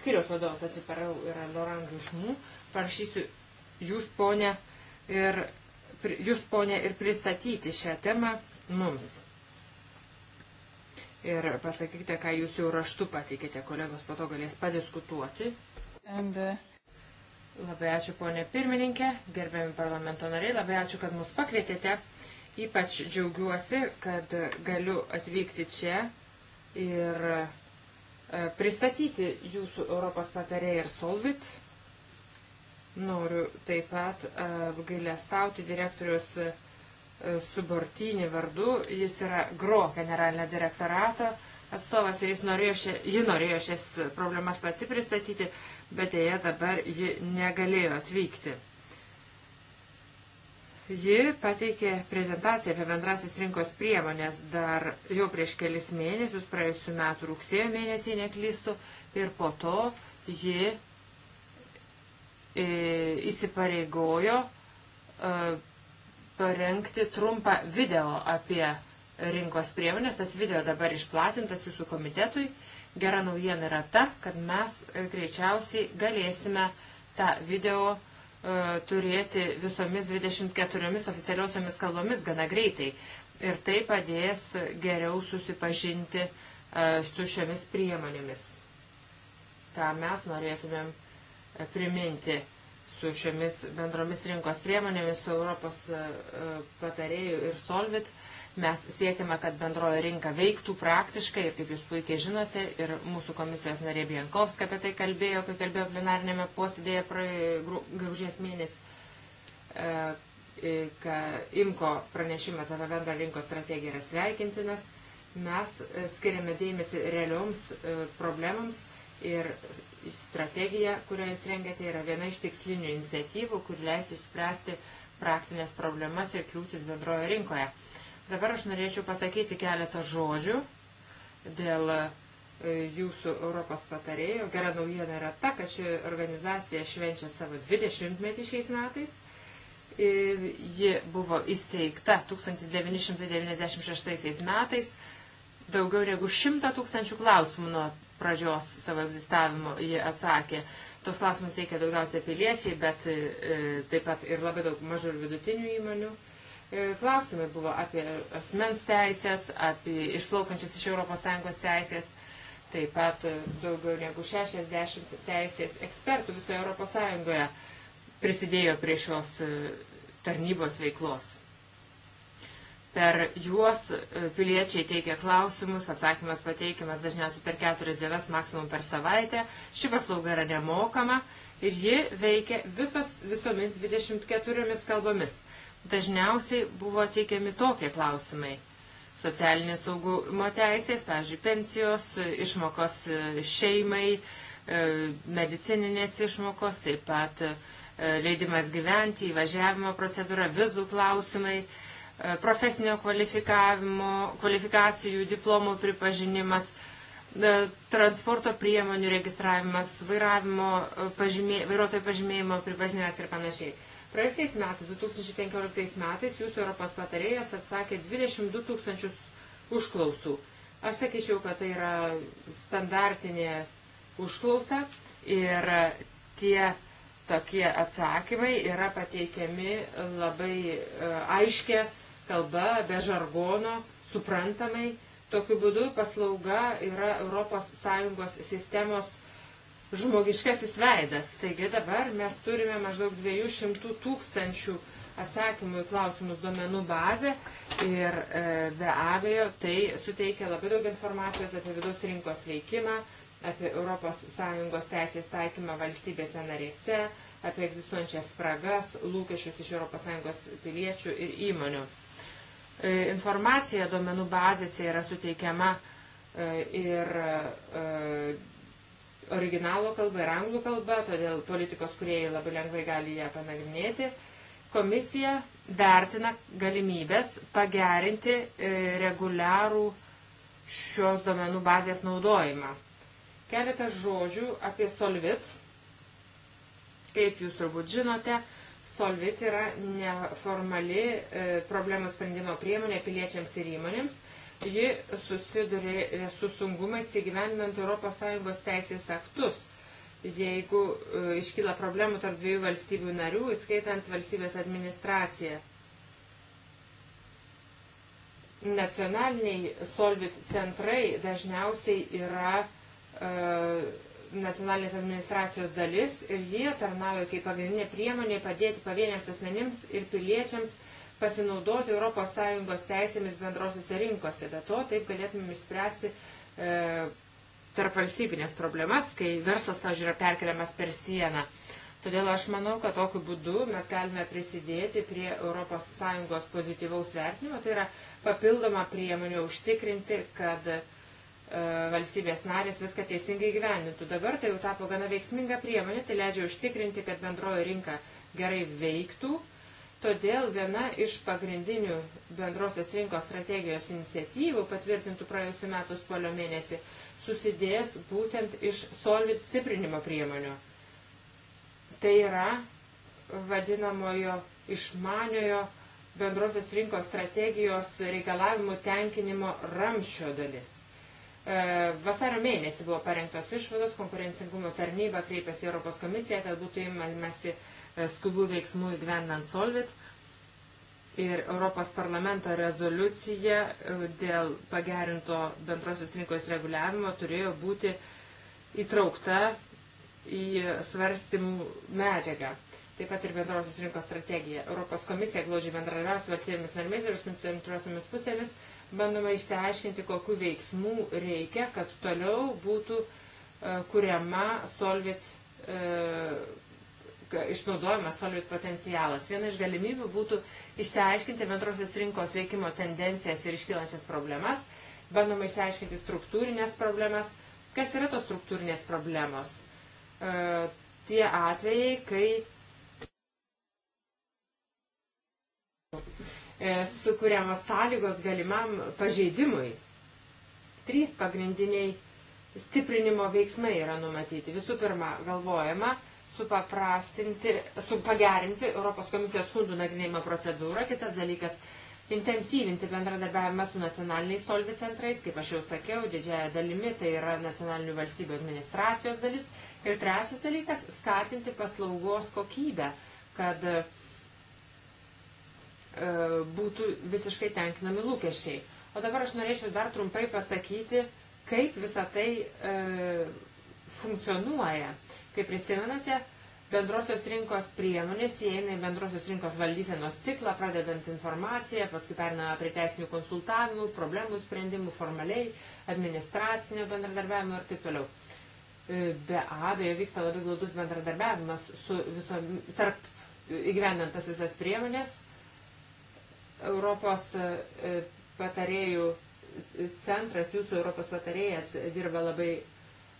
skiriaus vadovas, atsiparau, yra Lorang Žmų. Prašysiu jūs, ponė, ir, jūs, ponė, ir pristatyti šią temą mums ir pasakykite, ką jūs jau raštu pateikėte, kolegos po to galės padiskutuoti. And, uh... Labai ačiū, ponė pirmininkė, gerbiami parlamento nariai, labai ačiū, kad mus pakvietėte. Ypač džiaugiuosi, kad galiu atvykti čia ir e, pristatyti jūsų Europos patarėją ir Solvit. Noriu taip pat e, apgailestauti direktorius uh, E, subortinį vardu, jis yra GRO generalinio direktorato atstovas ir jis norėjo šia, ji norėjo šias problemas pati pristatyti, bet dėja dabar ji negalėjo atvykti. Ji pateikė prezentaciją apie bendrasis rinkos priemonės dar jau prieš kelis mėnesius, praėjusiu metu rugsėjo mėnesį neklystu, ir po to ji e, įsipareigojo e, parengti trumpą video apie rinkos priemonės. Tas video dabar išplatintas jūsų komitetui. Gera naujiena yra ta, kad mes e, greičiausiai galėsime tą video e, turėti visomis 24 oficialiosiomis kalbomis gana greitai. Ir tai padės geriau susipažinti e, su šiomis priemonėmis. Ką mes norėtumėm e, priminti su šiomis bendromis rinkos priemonėmis, su Europos e, e, patarėjų ir Solvit. Mes siekiame, kad bendroji rinka veiktų praktiškai ir, kaip jūs puikiai žinote, ir mūsų komisijos narė Bienkovska apie tai kalbėjo, kai kalbėjo plenarinėme posėdėje gegužės mėnesį, e, kad imko pranešimas apie bendrą rinkos strategiją yra sveikintinas. Mes skiriame dėmesį realioms problemams ir strategija, kurią jūs rengiate, yra viena iš tikslinių iniciatyvų, kur leis išspręsti praktinės problemas ir kliūtis bendrojo rinkoje. Dabar aš norėčiau pasakyti keletą žodžių dėl e, jūsų Europos patarėjų. Gera naujiena yra ta, kad ši organizacija švenčia savo 20-metį šiais metais. Ir ji buvo įsteigta 1996 metais. Daugiau negu 100 tūkstančių klausimų nuo pradžios savo egzistavimo ji atsakė. Tos klausimus teikia daugiausia piliečiai, bet e, taip pat ir labai daug mažų ir vidutinių įmonių. E, klausimai buvo apie asmens teisės, apie išplaukančias iš ES teisės, taip pat e, daugiau negu 60 teisės ekspertų visoje ES prisidėjo prie šios e, tarnybos veiklos. Per juos e, piliečiai teikia klausimus, atsakymas pateikimas dažniausiai per keturias dienas, maksimum per savaitę. Ši paslauga yra nemokama ir ji veikia visos, visomis 24 kalbomis. Dažniausiai buvo teikiami tokie klausimai. Socialinės saugumo teisės, pavyzdžiui, pensijos, e, išmokos e, šeimai, medicininės išmokos, taip pat leidimas gyventi, įvažiavimo procedūra, vizų klausimai E, profesinio kvalifikavimo, kvalifikacijų, diplomų pripažinimas, e, transporto priemonių registravimas, vairavimo e, pažymė, vairuotojo pažymėjimo pripažinimas ir panašiai. Praėjusiais metais, 2015 metais, jūsų Europos patarėjas atsakė 22 tūkstančius užklausų. Aš sakyčiau, kad tai yra standartinė užklausa ir tie tokie atsakymai yra pateikiami labai aiškia kalba, be žargono, suprantamai. Tokiu būdu paslauga yra ES sistemos žmogiškasis veidas. Taigi dabar mes turime maždaug 200 tūkstančių atsakymų į klausimus duomenų bazę ir e, be abejo tai suteikia labai daug informacijos apie vidaus rinkos veikimą, apie ES teisės taikymą valstybėse narėse, apie egzistuojančias spragas, lūkesčius iš ES piliečių ir įmonių. E, informacija duomenų bazėse yra suteikiama e, ir e, originalo kalba ir anglų kalba, todėl politikos kuriejai labai lengvai gali ją panagrinėti. Komisija vertina galimybės pagerinti reguliarų šios domenų bazės naudojimą. Keletas žodžių apie Solvit. Kaip jūs turbūt žinote, Solvit yra neformali e, problemų sprendimo priemonė piliečiams ir įmonėms. Ji susiduria su sungumais įgyvendinant ES teisės aktus. Jeigu e, iškyla problemų tarp dviejų valstybių narių, įskaitant valstybės administraciją, nacionaliniai Solvit centrai dažniausiai yra uh, nacionalinės administracijos dalis ir jie tarnauja kaip pagrindinė priemonė padėti pavieniams asmenims ir piliečiams pasinaudoti ES teisėmis bendrosiuose rinkose. Be to, taip galėtumėm išspręsti e, tarp valstybinės problemas, kai verslas, pažiūrėjau, yra perkeliamas per sieną. Todėl aš manau, kad tokiu būdu mes galime prisidėti prie ES pozityvaus vertinimo, tai yra papildoma priemonė užtikrinti, kad e, E, valstybės narės viską teisingai gyvenintų. Dabar tai jau tapo gana veiksminga priemonė, tai leidžia užtikrinti, kad bendroji rinka gerai veiktų. Todėl viena iš pagrindinių bendrosios rinkos strategijos iniciatyvų patvirtintų praėjusiu metu spalio mėnesį susidės būtent iš solvit stiprinimo priemonių. Tai yra vadinamojo išmaniojo bendrosios rinkos strategijos reikalavimų tenkinimo ramščio dalis. E, vasario mėnesį buvo parengtos išvados, konkurencingumo tarnyba kreipėsi Europos komisiją, kad būtų įmamasi e, skubių veiksmų įgyvendant Solvit. Ir Europos parlamento rezoliucija e, dėl pagerinto bendrosios rinkos reguliavimo turėjo būti įtraukta į svarstymų medžiagą. Taip pat ir bendrosios rinkos strategija. Europos komisija glaudžiai bendradarbiavo su valstybėmis narėmis ir užsienio pusėmis bandoma išsiaiškinti, kokiu veiksmu reikia, kad toliau būtų e, kuriama Solvit, e, išnaudojamas Solvit potencialas. Viena iš galimybių būtų išsiaiškinti bendrosios rinkos veikimo tendencijas ir iškylančias problemas, bandoma išsiaiškinti struktūrinės problemas, kas yra tos struktūrinės problemos. E, tie atvejai, kai E, sukūriamos sąlygos galimam pažeidimui. Trys pagrindiniai stiprinimo veiksmai yra numatyti. Visų pirma, galvojama supaprastinti, supagerinti Europos komisijos skundų nagrinėjimo procedūrą. Kitas dalykas - intensyvinti bendradarbiavimą su nacionaliniais solvi centrais. Kaip aš jau sakiau, didžiaja dalimi tai yra nacionalinių valstybių administracijos dalis. Ir trečias dalykas - skatinti paslaugos kokybę, kad uh, E, būtų visiškai tenkinami lūkesčiai. O dabar aš norėčiau dar trumpai pasakyti, kaip visa tai e, funkcionuoja. Kaip prisimenate, bendrosios rinkos priemonės įeina į bendrosios rinkos valdysenos ciklą, pradedant informaciją, paskui perinama prie teisinių konsultavimų, problemų sprendimų formaliai, administracinio bendradarbiavimo ir taip toliau. E, be abejo, vyksta labai glaudus bendradarbiavimas su visom, tarp įgyvendintas visas priemonės Europos e, patarėjų centras, jūsų Europos patarėjas dirba labai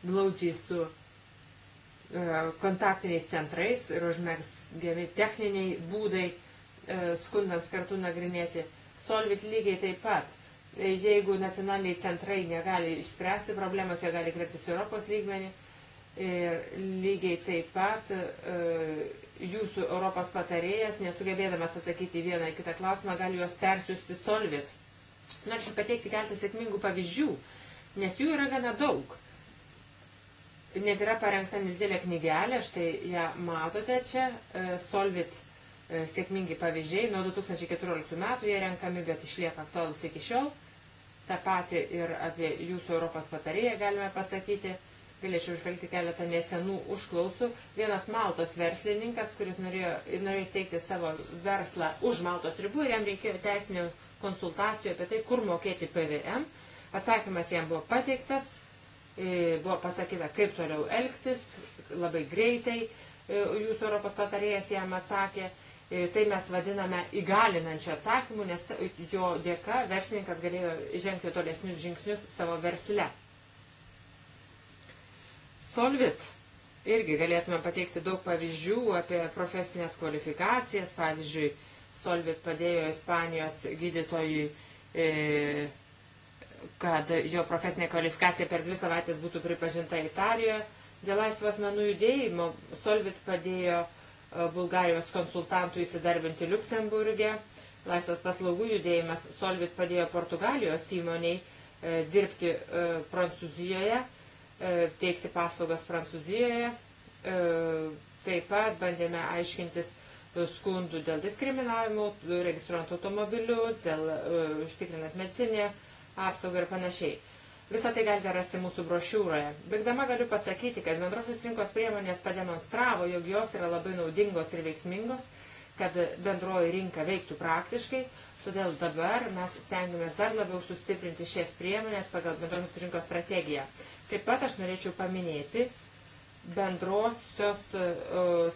glaudžiai su e, kontaktiniais centrais ir užmėgsgami techniniai būdai e, skundams kartu nagrinėti. Solvit lygiai taip pat. Jeigu nacionaliniai centrai negali išspręsti problemos, jie gali kreiptis Europos lygmenį Ir lygiai taip pat e, jūsų Europos patarėjas, nesugebėdamas atsakyti į vieną į kitą klausimą, gali juos persiųsti solvit. Norėčiau pateikti keletą sėkmingų pavyzdžių, nes jų yra gana daug. Net yra parengta nedidelė knygelė, štai ją matote čia, e, solvit e, sėkmingi pavyzdžiai. Nuo 2014 metų jie renkami, bet išlieka aktualūs iki šiol. Ta pati ir apie jūsų Europos patarėją galime pasakyti. Galėčiau išvelgti keletą nesenų užklausų. Vienas Maltos verslininkas, kuris norėjo, norėjo steigti savo verslą už Maltos ribų ir jam reikėjo teisinių konsultacijų apie tai, kur mokėti PVM. Atsakymas jam buvo pateiktas, e, buvo pasakyta, kaip toliau elgtis, labai greitai e, jūsų Europos patarėjas jam atsakė. E, tai mes vadiname įgalinančiu atsakymu, nes jo dėka verslininkas galėjo žengti tolesnius žingsnius savo versle. Solvit irgi galėtume pateikti daug pavyzdžių apie profesinės kvalifikacijas. Pavyzdžiui, Solvit padėjo Ispanijos gydytojui, e, kad jo profesinė kvalifikacija per dvi savaitės būtų pripažinta Italijoje. Dėl laisvas menų judėjimo Solvit padėjo e, Bulgarijos konsultantų įsidarbinti Luksemburgė. Laisvas paslaugų judėjimas Solvit padėjo Portugalijos įmoniai e, dirbti Prancūzijoje E, teikti paslaugas Prancūzijoje. E, taip pat bandėme aiškintis skundų dėl diskriminavimų, registruojant automobilius, dėl e, užtikrinant medicinę apsaugą ir panašiai. Visą tai galite rasti mūsų brošiūroje. Baigdama galiu pasakyti, kad bendrosios rinkos priemonės pademonstravo, jog jos yra labai naudingos ir veiksmingos kad bendroji rinka veiktų praktiškai, todėl dabar mes stengiamės dar labiau sustiprinti šias priemonės pagal bendrosios rinkos strategiją. Taip pat aš norėčiau paminėti bendrosios, e,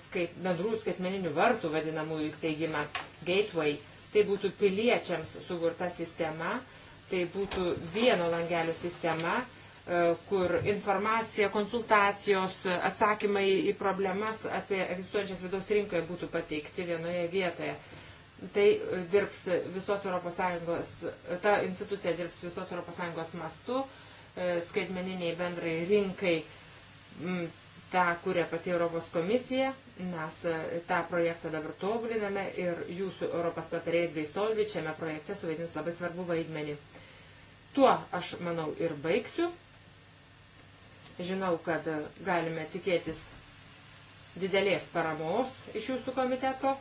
skait, bendrų skaitmeninių vartų vadinamųjų steigimą Gateway. Tai būtų piliečiams suburta sistema, tai būtų vieno langelio sistema, E, kur informacija, konsultacijos, atsakymai į problemas apie egzistuojančias vidaus rinkoje būtų pateikti vienoje vietoje. Tai dirbs visos ES, ta institucija dirbs visos ES mastu, e, skaitmeniniai bendrai rinkai, tą kuria pati Europos komisija. Mes e, tą projektą dabar tobuliname ir jūsų Europos patarėjais bei Solvit šiame projekte suvaidins labai svarbu vaidmenį. Tuo aš manau ir baigsiu. Žinau, kad galime tikėtis didelės paramos iš jūsų komiteto,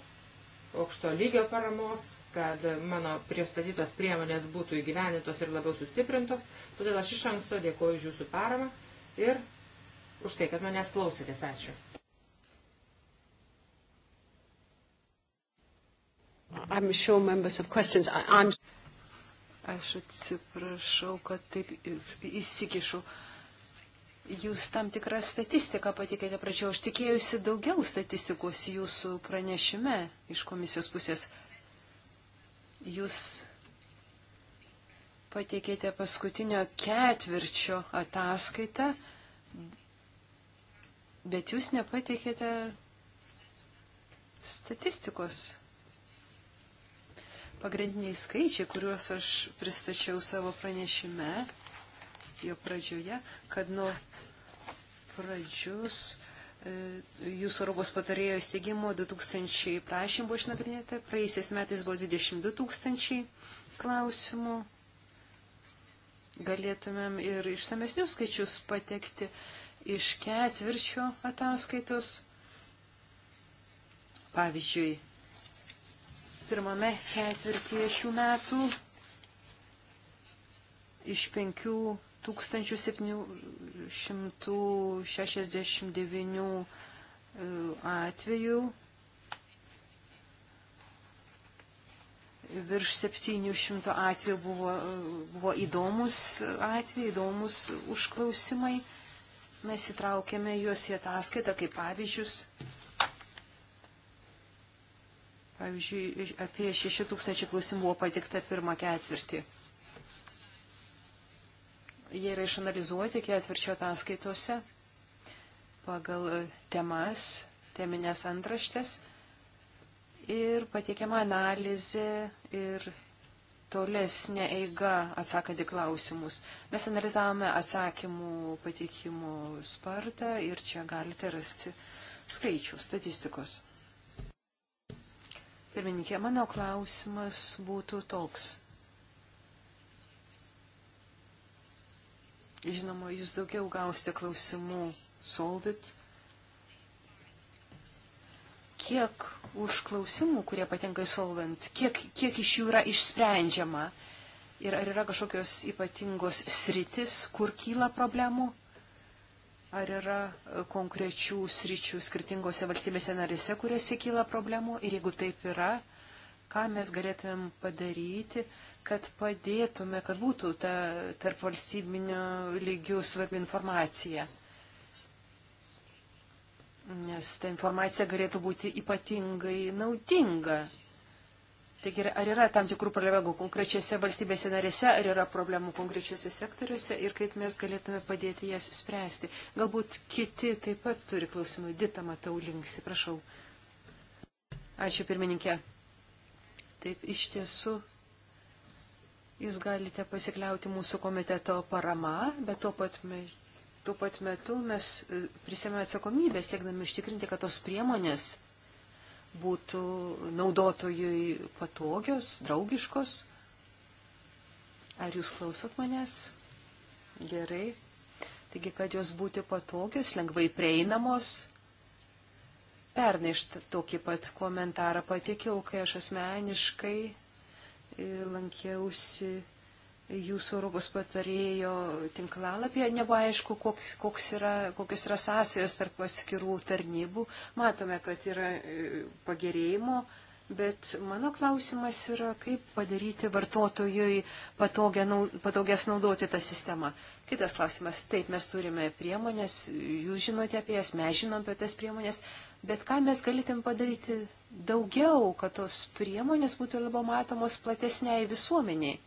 aukšto lygio paramos, kad mano pristatytos priemonės būtų įgyvenintos ir labiau sustiprintos. Todėl aš iš anksto dėkoju už jūsų paramą ir už tai, kad manęs klausėtės. Ačiū. I'm sure members have questions. I, I'm... Aš atsiprašau, kad taip įsikišu. Uh, Jūs tam tikrą statistiką patikėte pradžioje. Aš tikėjusi daugiau statistikos jūsų pranešime iš komisijos pusės. Jūs pateikėte paskutinio ketvirčio ataskaitą, bet jūs nepateikėte statistikos. Pagrindiniai skaičiai, kuriuos aš pristačiau savo pranešime, jo pradžioje, kad nuo pradžius e, jūsų Europos patarėjo steigimo 2000 prašymų buvo išnagrinėta, praeisiais metais buvo 22 tūkstančiai klausimų. Galėtumėm ir išsamesnius skaičius patekti iš ketvirčio ataskaitos. Pavyzdžiui, pirmame ketvirtyje šių metų iš penkių 1769 e, atvejų virš 700 atvejų buvo, buvo įdomus atvejai, įdomus užklausimai. Mes įtraukėme juos į ataskaitą kaip pavyzdžius. Pavyzdžiui, apie 6000 klausimų buvo patikta pirmą ketvirtį. Jie yra išanalizuoti ketvirčio ataskaitose pagal e, temas, teminės antraštės ir pateikiama analizė ir tolesnė eiga atsakant į klausimus. Mes analizavome atsakymų pateikimų spartą ir čia galite rasti skaičių, statistikos. Pirmininkė, mano klausimas būtų toks. Žinoma, jūs daugiau gausite klausimų Solvit. Kiek užklausimų, kurie patenka į Solvent, kiek, kiek iš jų yra išsprendžiama? Ir ar yra kažkokios ypatingos sritis, kur kyla problemų? Ar yra konkrečių sričių skirtingose valstybėse narise, kuriuose kyla problemų? Ir jeigu taip yra, ką mes galėtumėm padaryti, kad padėtume, kad būtų ta tarp valstybinio lygių svarbi informacija. Nes ta informacija galėtų būti ypatingai naudinga. Taigi, ar yra tam tikrų problemų konkrečiose valstybėse narėse, ar yra problemų konkrečiose sektoriuose ir kaip mes galėtume padėti jas spręsti. Galbūt kiti taip pat turi klausimų. Dita, matau, linksi, prašau. Ačiū, pirmininkė. Taip, iš tiesų Jūs galite pasikliauti mūsų komiteto parama, bet tuo pat, me, tuo pat metu mes e, prisėmėme atsakomybę, siekdami ištikrinti, kad tos priemonės būtų naudotojui patogios, draugiškos. Ar jūs klausot manęs? Gerai. Taigi, kad jos būtų patogios, lengvai prieinamos. Pernai iš tokį pat komentarą patikiau, kai aš asmeniškai lankiausi jūsų Europos patarėjo tinklalapyje. Nebuvo aišku, koks, koks yra, kokios yra sąsajos tarp atskirų tarnybų. Matome, kad yra e, pagerėjimo, bet mano klausimas yra, kaip padaryti vartotojui patogia, patogias naudoti tą sistemą. Kitas klausimas, taip, mes turime priemonės, jūs žinote apie jas, mes žinom apie tas priemonės, Bet ką mes galėtum padaryti daugiau, kad tos priemonės būtų labiau matomos platesniai visuomeniai?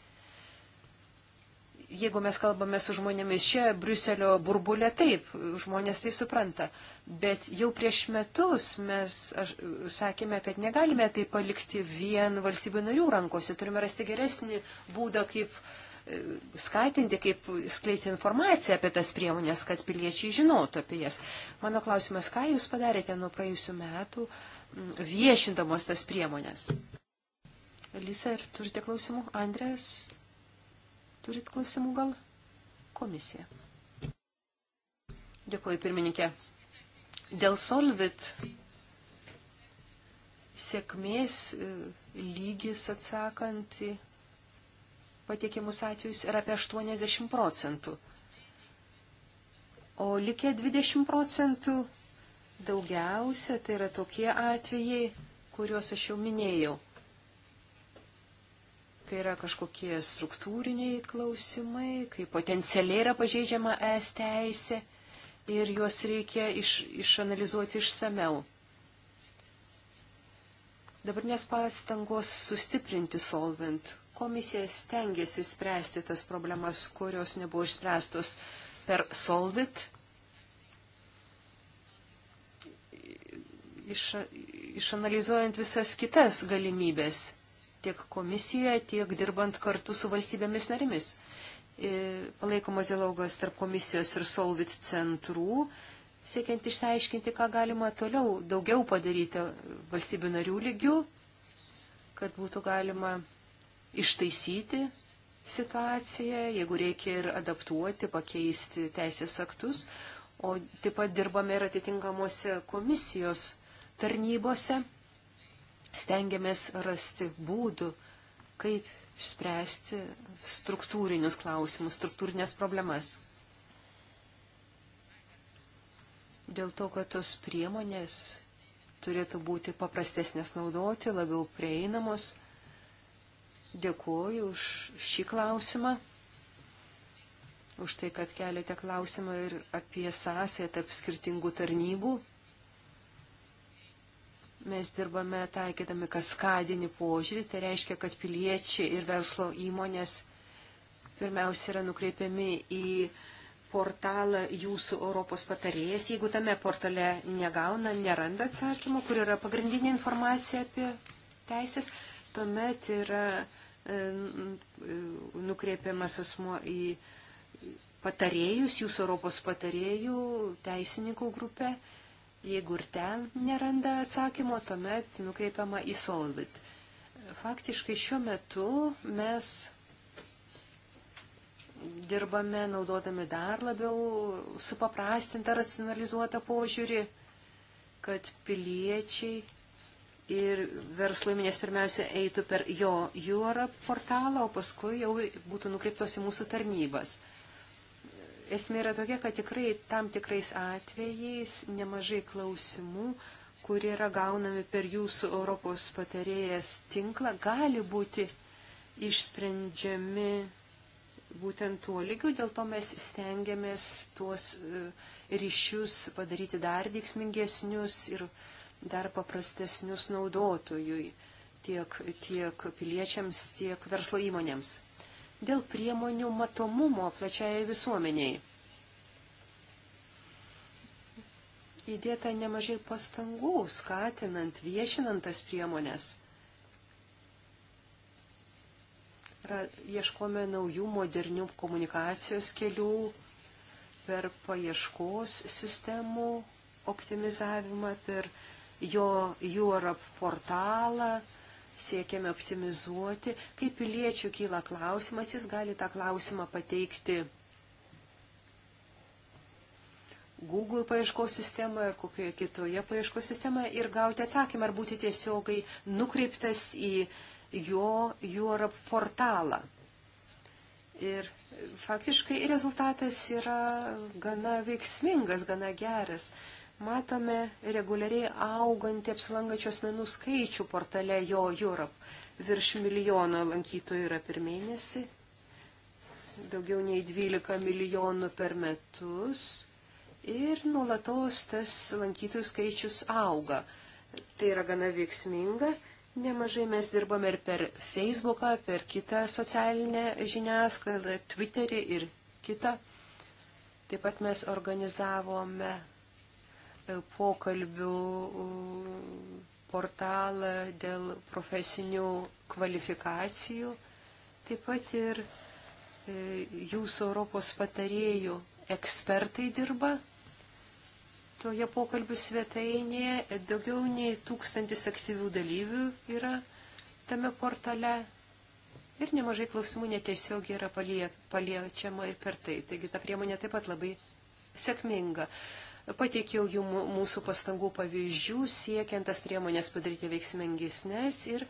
jeigu mes kalbame su žmonėmis čia, Briuselio burbulė, taip, žmonės tai supranta. Bet jau prieš metus mes aš, sakėme, kad negalime tai palikti vien valstybių narių rankose. Turime rasti geresnį būdą, kaip uh, skatinti, kaip skleisti informaciją apie tas priemonės, kad piliečiai žinotų apie jas. Mano klausimas, ką Jūs padarėte nuo praėjusių metų viešindamos tas priemonės? Lisa, ar turite klausimų? Andrės, turit klausimų gal? Komisija. Dėkuoju, pirmininkė. Dėl Solvit sėkmės e, lygis atsakant į pateikiamus atvejus yra apie 80 procentų. O likę 20 procentų daugiausia tai yra tokie atvejai, kuriuos aš jau minėjau. Tai yra kažkokie struktūriniai klausimai, kai potencialiai yra pažeidžiama es teisė ir juos reikia iš, išanalizuoti išsameu. Dabar nes pastangos sustiprinti solvent Komisija stengiasi spręsti tas problemas, kurios nebuvo išspręstos per Solvit. Iš, išanalizuojant visas kitas galimybės tiek komisijoje, tiek dirbant kartu su valstybėmis narimis. E, Palaikomas dialogas tarp komisijos ir Solvit centrų, siekiant išsiaiškinti, ką galima toliau daugiau padaryti valstybių narių lygių, kad būtų galima ištaisyti situaciją, jeigu reikia ir adaptuoti, pakeisti teisės aktus, o taip pat dirbame ir atitinkamuose komisijos tarnybose, stengiamės rasti būdų, kaip spręsti struktūrinius klausimus, struktūrinės problemas. Dėl to, kad tos priemonės turėtų būti paprastesnės naudoti, labiau prieinamos Dėkuoju už šį klausimą, už tai, kad keliate klausimą ir apie sąsąją tarp skirtingų tarnybų. Mes dirbame taikydami kaskadinį požiūrį, tai reiškia, kad piliečiai ir verslo įmonės pirmiausia yra nukreipiami į portalą jūsų Europos patarėjas, jeigu tame portale negauna, neranda atsakymų, kur yra pagrindinė informacija apie teisės, tuomet yra E, nukreipiamas asmuo į patarėjus, jūsų Europos patarėjų, teisininkų grupę. Jeigu ir ten neranda atsakymo, tuomet nukreipiama į Solvit. Faktiškai šiuo metu mes dirbame naudodami dar labiau supaprastintą, racionalizuotą požiūrį, kad piliečiai ir verslo įmonės pirmiausia eitų per jo jūrą portalą, o paskui jau būtų nukreiptos į mūsų tarnybas. Esmė yra tokia, kad tikrai tam tikrais atvejais nemažai klausimų, kurie yra gaunami per jūsų Europos patarėjas tinklą, gali būti išsprendžiami būtent tuo lygiu, dėl to mes stengiamės tuos e, ryšius padaryti dar veiksmingesnius ir uh, dar paprastesnius naudotojui, tiek, tiek piliečiams, tiek verslo įmonėms. Dėl priemonių matomumo plačiai visuomeniai. Įdėta nemažai pastangų, skatinant, viešinant tas priemonės. Ieškome naujų modernių komunikacijos kelių per paieškos sistemų optimizavimą, per jo Europe portalą, siekiame optimizuoti. Kaip piliečių kyla klausimas, jis gali tą klausimą pateikti Google paieškos sistemoje ar kokioje kitoje paieškos sistemoje ir gauti atsakymą ar būti tiesiogai nukreiptas į jo Europe portalą. Ir faktiškai rezultatas yra gana veiksmingas, gana geras. Matome reguliariai augantį apsilankančių asmenų skaičių portale Jo Europe. Virš milijono lankytojų yra per mėnesį, daugiau nei 12 milijonų per metus ir nuolatos tas lankytojų skaičius auga. Tai yra gana veiksminga. Nemažai mes dirbame ir per Facebooką, per kitą socialinę žiniasklaidą, Twitterį ir kitą. Taip pat mes organizavome pokalbių portalą dėl profesinių kvalifikacijų, taip pat ir e, jūsų Europos patarėjų ekspertai dirba toje pokalbių svetainėje. Daugiau nei tūkstantis aktyvių dalyvių yra tame portale. Ir nemažai klausimų netiesiog yra palie, paliečiama ir per tai. Taigi ta priemonė taip pat labai sėkminga. Pateikiau jų mūsų pastangų pavyzdžių, siekiant tas priemonės padaryti veiksmingesnės ir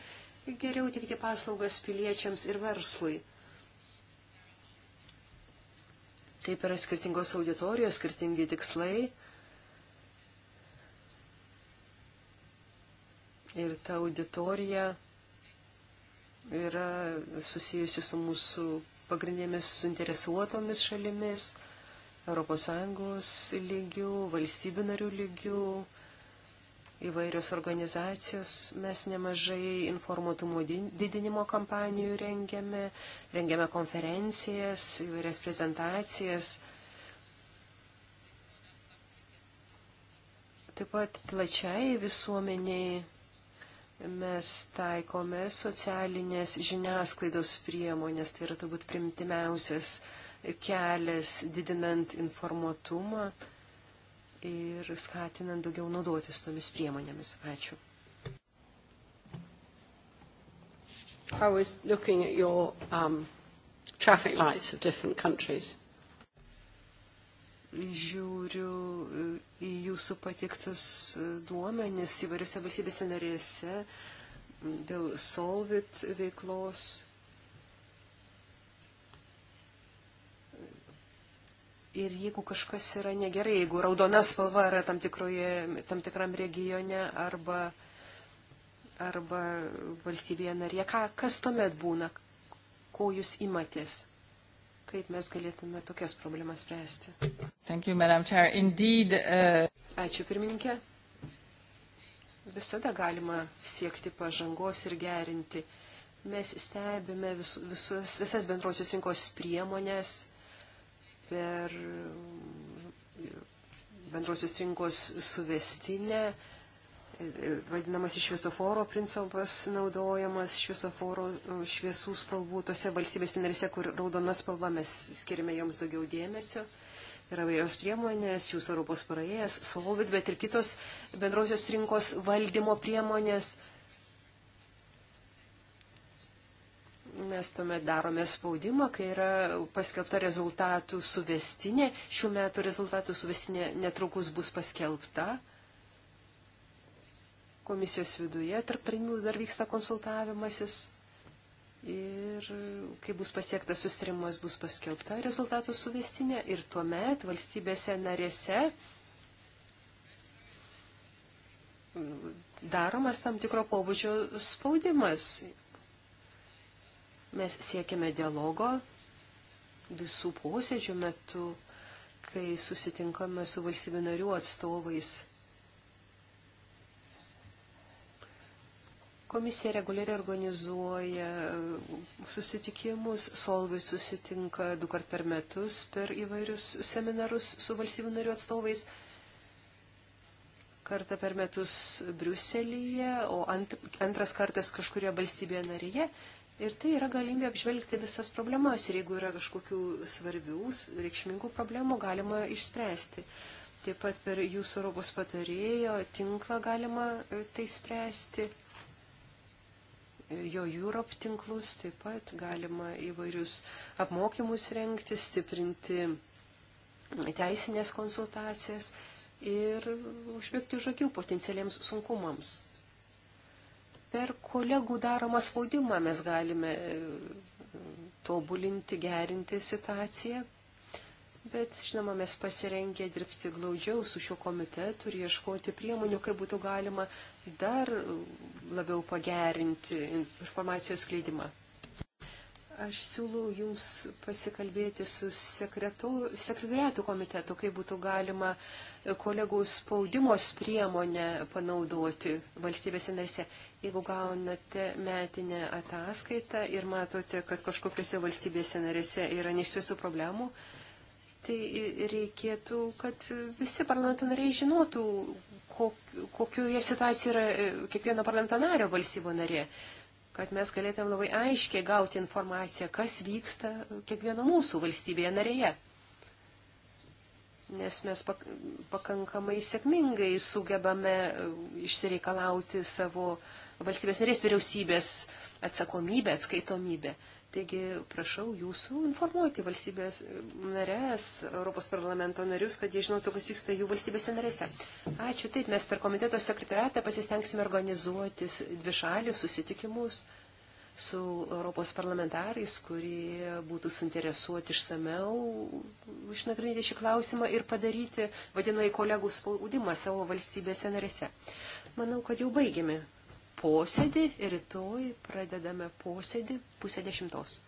geriau tikti paslaugas piliečiams ir verslui. Taip yra skirtingos auditorijos, skirtingi tikslai. Ir ta auditorija yra susijusi su mūsų pagrindėmis suinteresuotomis šalimis. ES lygių, valstybių narių lygių, įvairios organizacijos. Mes nemažai informuotumo didinimo kampanijų rengiame, rengiame konferencijas, įvairias prezentacijas. Taip pat plačiai visuomeniai mes taikome socialinės žiniasklaidos priemonės, tai yra turbūt primtimiausias kelias didinant informuotumą ir skatinant daugiau naudotis tomis priemonėmis. Ačiū. I was looking at your um, traffic lights of different countries. Žiūriu uh, į jūsų patiktus uh, duomenis įvairiose valstybėse narėse mm, dėl Solvit veiklos Ir jeigu kažkas yra negerai, jeigu raudona spalva yra tam, tikroje, tam tikram regione arba, arba valstybėje narėje, ką, kas tuomet būna, ko jūs imatės, kaip mes galėtume tokias problemas spręsti. Thank you, Indeed, uh... Ačiū, pirmininkė. Visada galima siekti pažangos ir gerinti. Mes stebime vis, visus, visas bendrosios rinkos priemonės per bendrosios rinkos suvestinę. Vadinamas šviesoforo principas naudojamas šviesoforo šviesų spalvų tose valstybės narise, kur raudona spalva mes skirime joms daugiau dėmesio. Yra vairios priemonės, jūsų Europos praėjas, Solvit, bet ir kitos bendrosios rinkos valdymo priemonės. Mes tuomet darome spaudimą, kai yra paskelbta rezultatų suvestinė. Šių metų rezultatų suvestinė netrukus bus paskelbta. Komisijos viduje tarp tarnybų dar vyksta konsultavimasis. Ir kai bus pasiektas sustarimas, bus paskelbta rezultatų suvestinė. Ir tuomet valstybėse narėse daromas tam tikro pobūdžio spaudimas Mes siekiame dialogo visų posėdžių metu, kai susitinkame su valstybių narių atstovais. Komisija reguliariai organizuoja susitikimus, solvai susitinka du kart per metus per įvairius seminarus su valstybių narių atstovais kartą per metus Briuselyje, o ant, antras kartas kažkurioje valstybėje narėje. Ir tai yra galimybė apžvelgti visas problemas ir jeigu yra kažkokių svarbių, reikšmingų problemų, galima išspręsti. Taip pat per jūsų Europos patarėjo tinklą galima e, tai spręsti. Jo Europe tinklus taip pat galima įvairius apmokymus renkti, stiprinti teisinės konsultacijas ir užbėgti už akių potencialiems sunkumams per kolegų daromą spaudimą mes galime e, tobulinti, gerinti situaciją. Bet, žinoma, mes pasirengę dirbti glaudžiau su šiuo komitetu ir ieškoti priemonių, kaip būtų galima dar labiau pagerinti informacijos skleidimą. Aš siūlau Jums pasikalbėti su sekretoriatų komitetu, kaip būtų galima kolegų spaudimos priemonę panaudoti valstybėse narse. Jeigu gaunate metinę ataskaitą ir matote, kad kažkokiuose valstybėse narėse yra neišspręstų problemų, tai reikėtų, kad visi parlamento nariai žinotų, kokioje situacijoje yra e, kiekvieno parlamento nario valstybo narė kad mes galėtume labai aiškiai gauti informaciją, kas vyksta kiekvieno mūsų valstybėje narėje. Nes mes pakankamai sėkmingai sugebame uh, išsireikalauti savo valstybės narės vyriausybės atsakomybę, atskaitomybę. Taigi prašau jūsų informuoti valstybės narės, Europos parlamento narius, kad jie žinotų, kas vyksta jų valstybėse narėse. Ačiū, taip, mes per komiteto sekretariatą pasistengsime organizuoti dvišalius susitikimus su Europos parlamentarais, kurie būtų suinteresuoti išsameu išnagrinėti šį klausimą ir padaryti, vadinai, kolegų spaudimą savo valstybėse narėse. Manau, kad jau baigėme posėdį. Rytoj pradedame posėdį pusę dešimtos.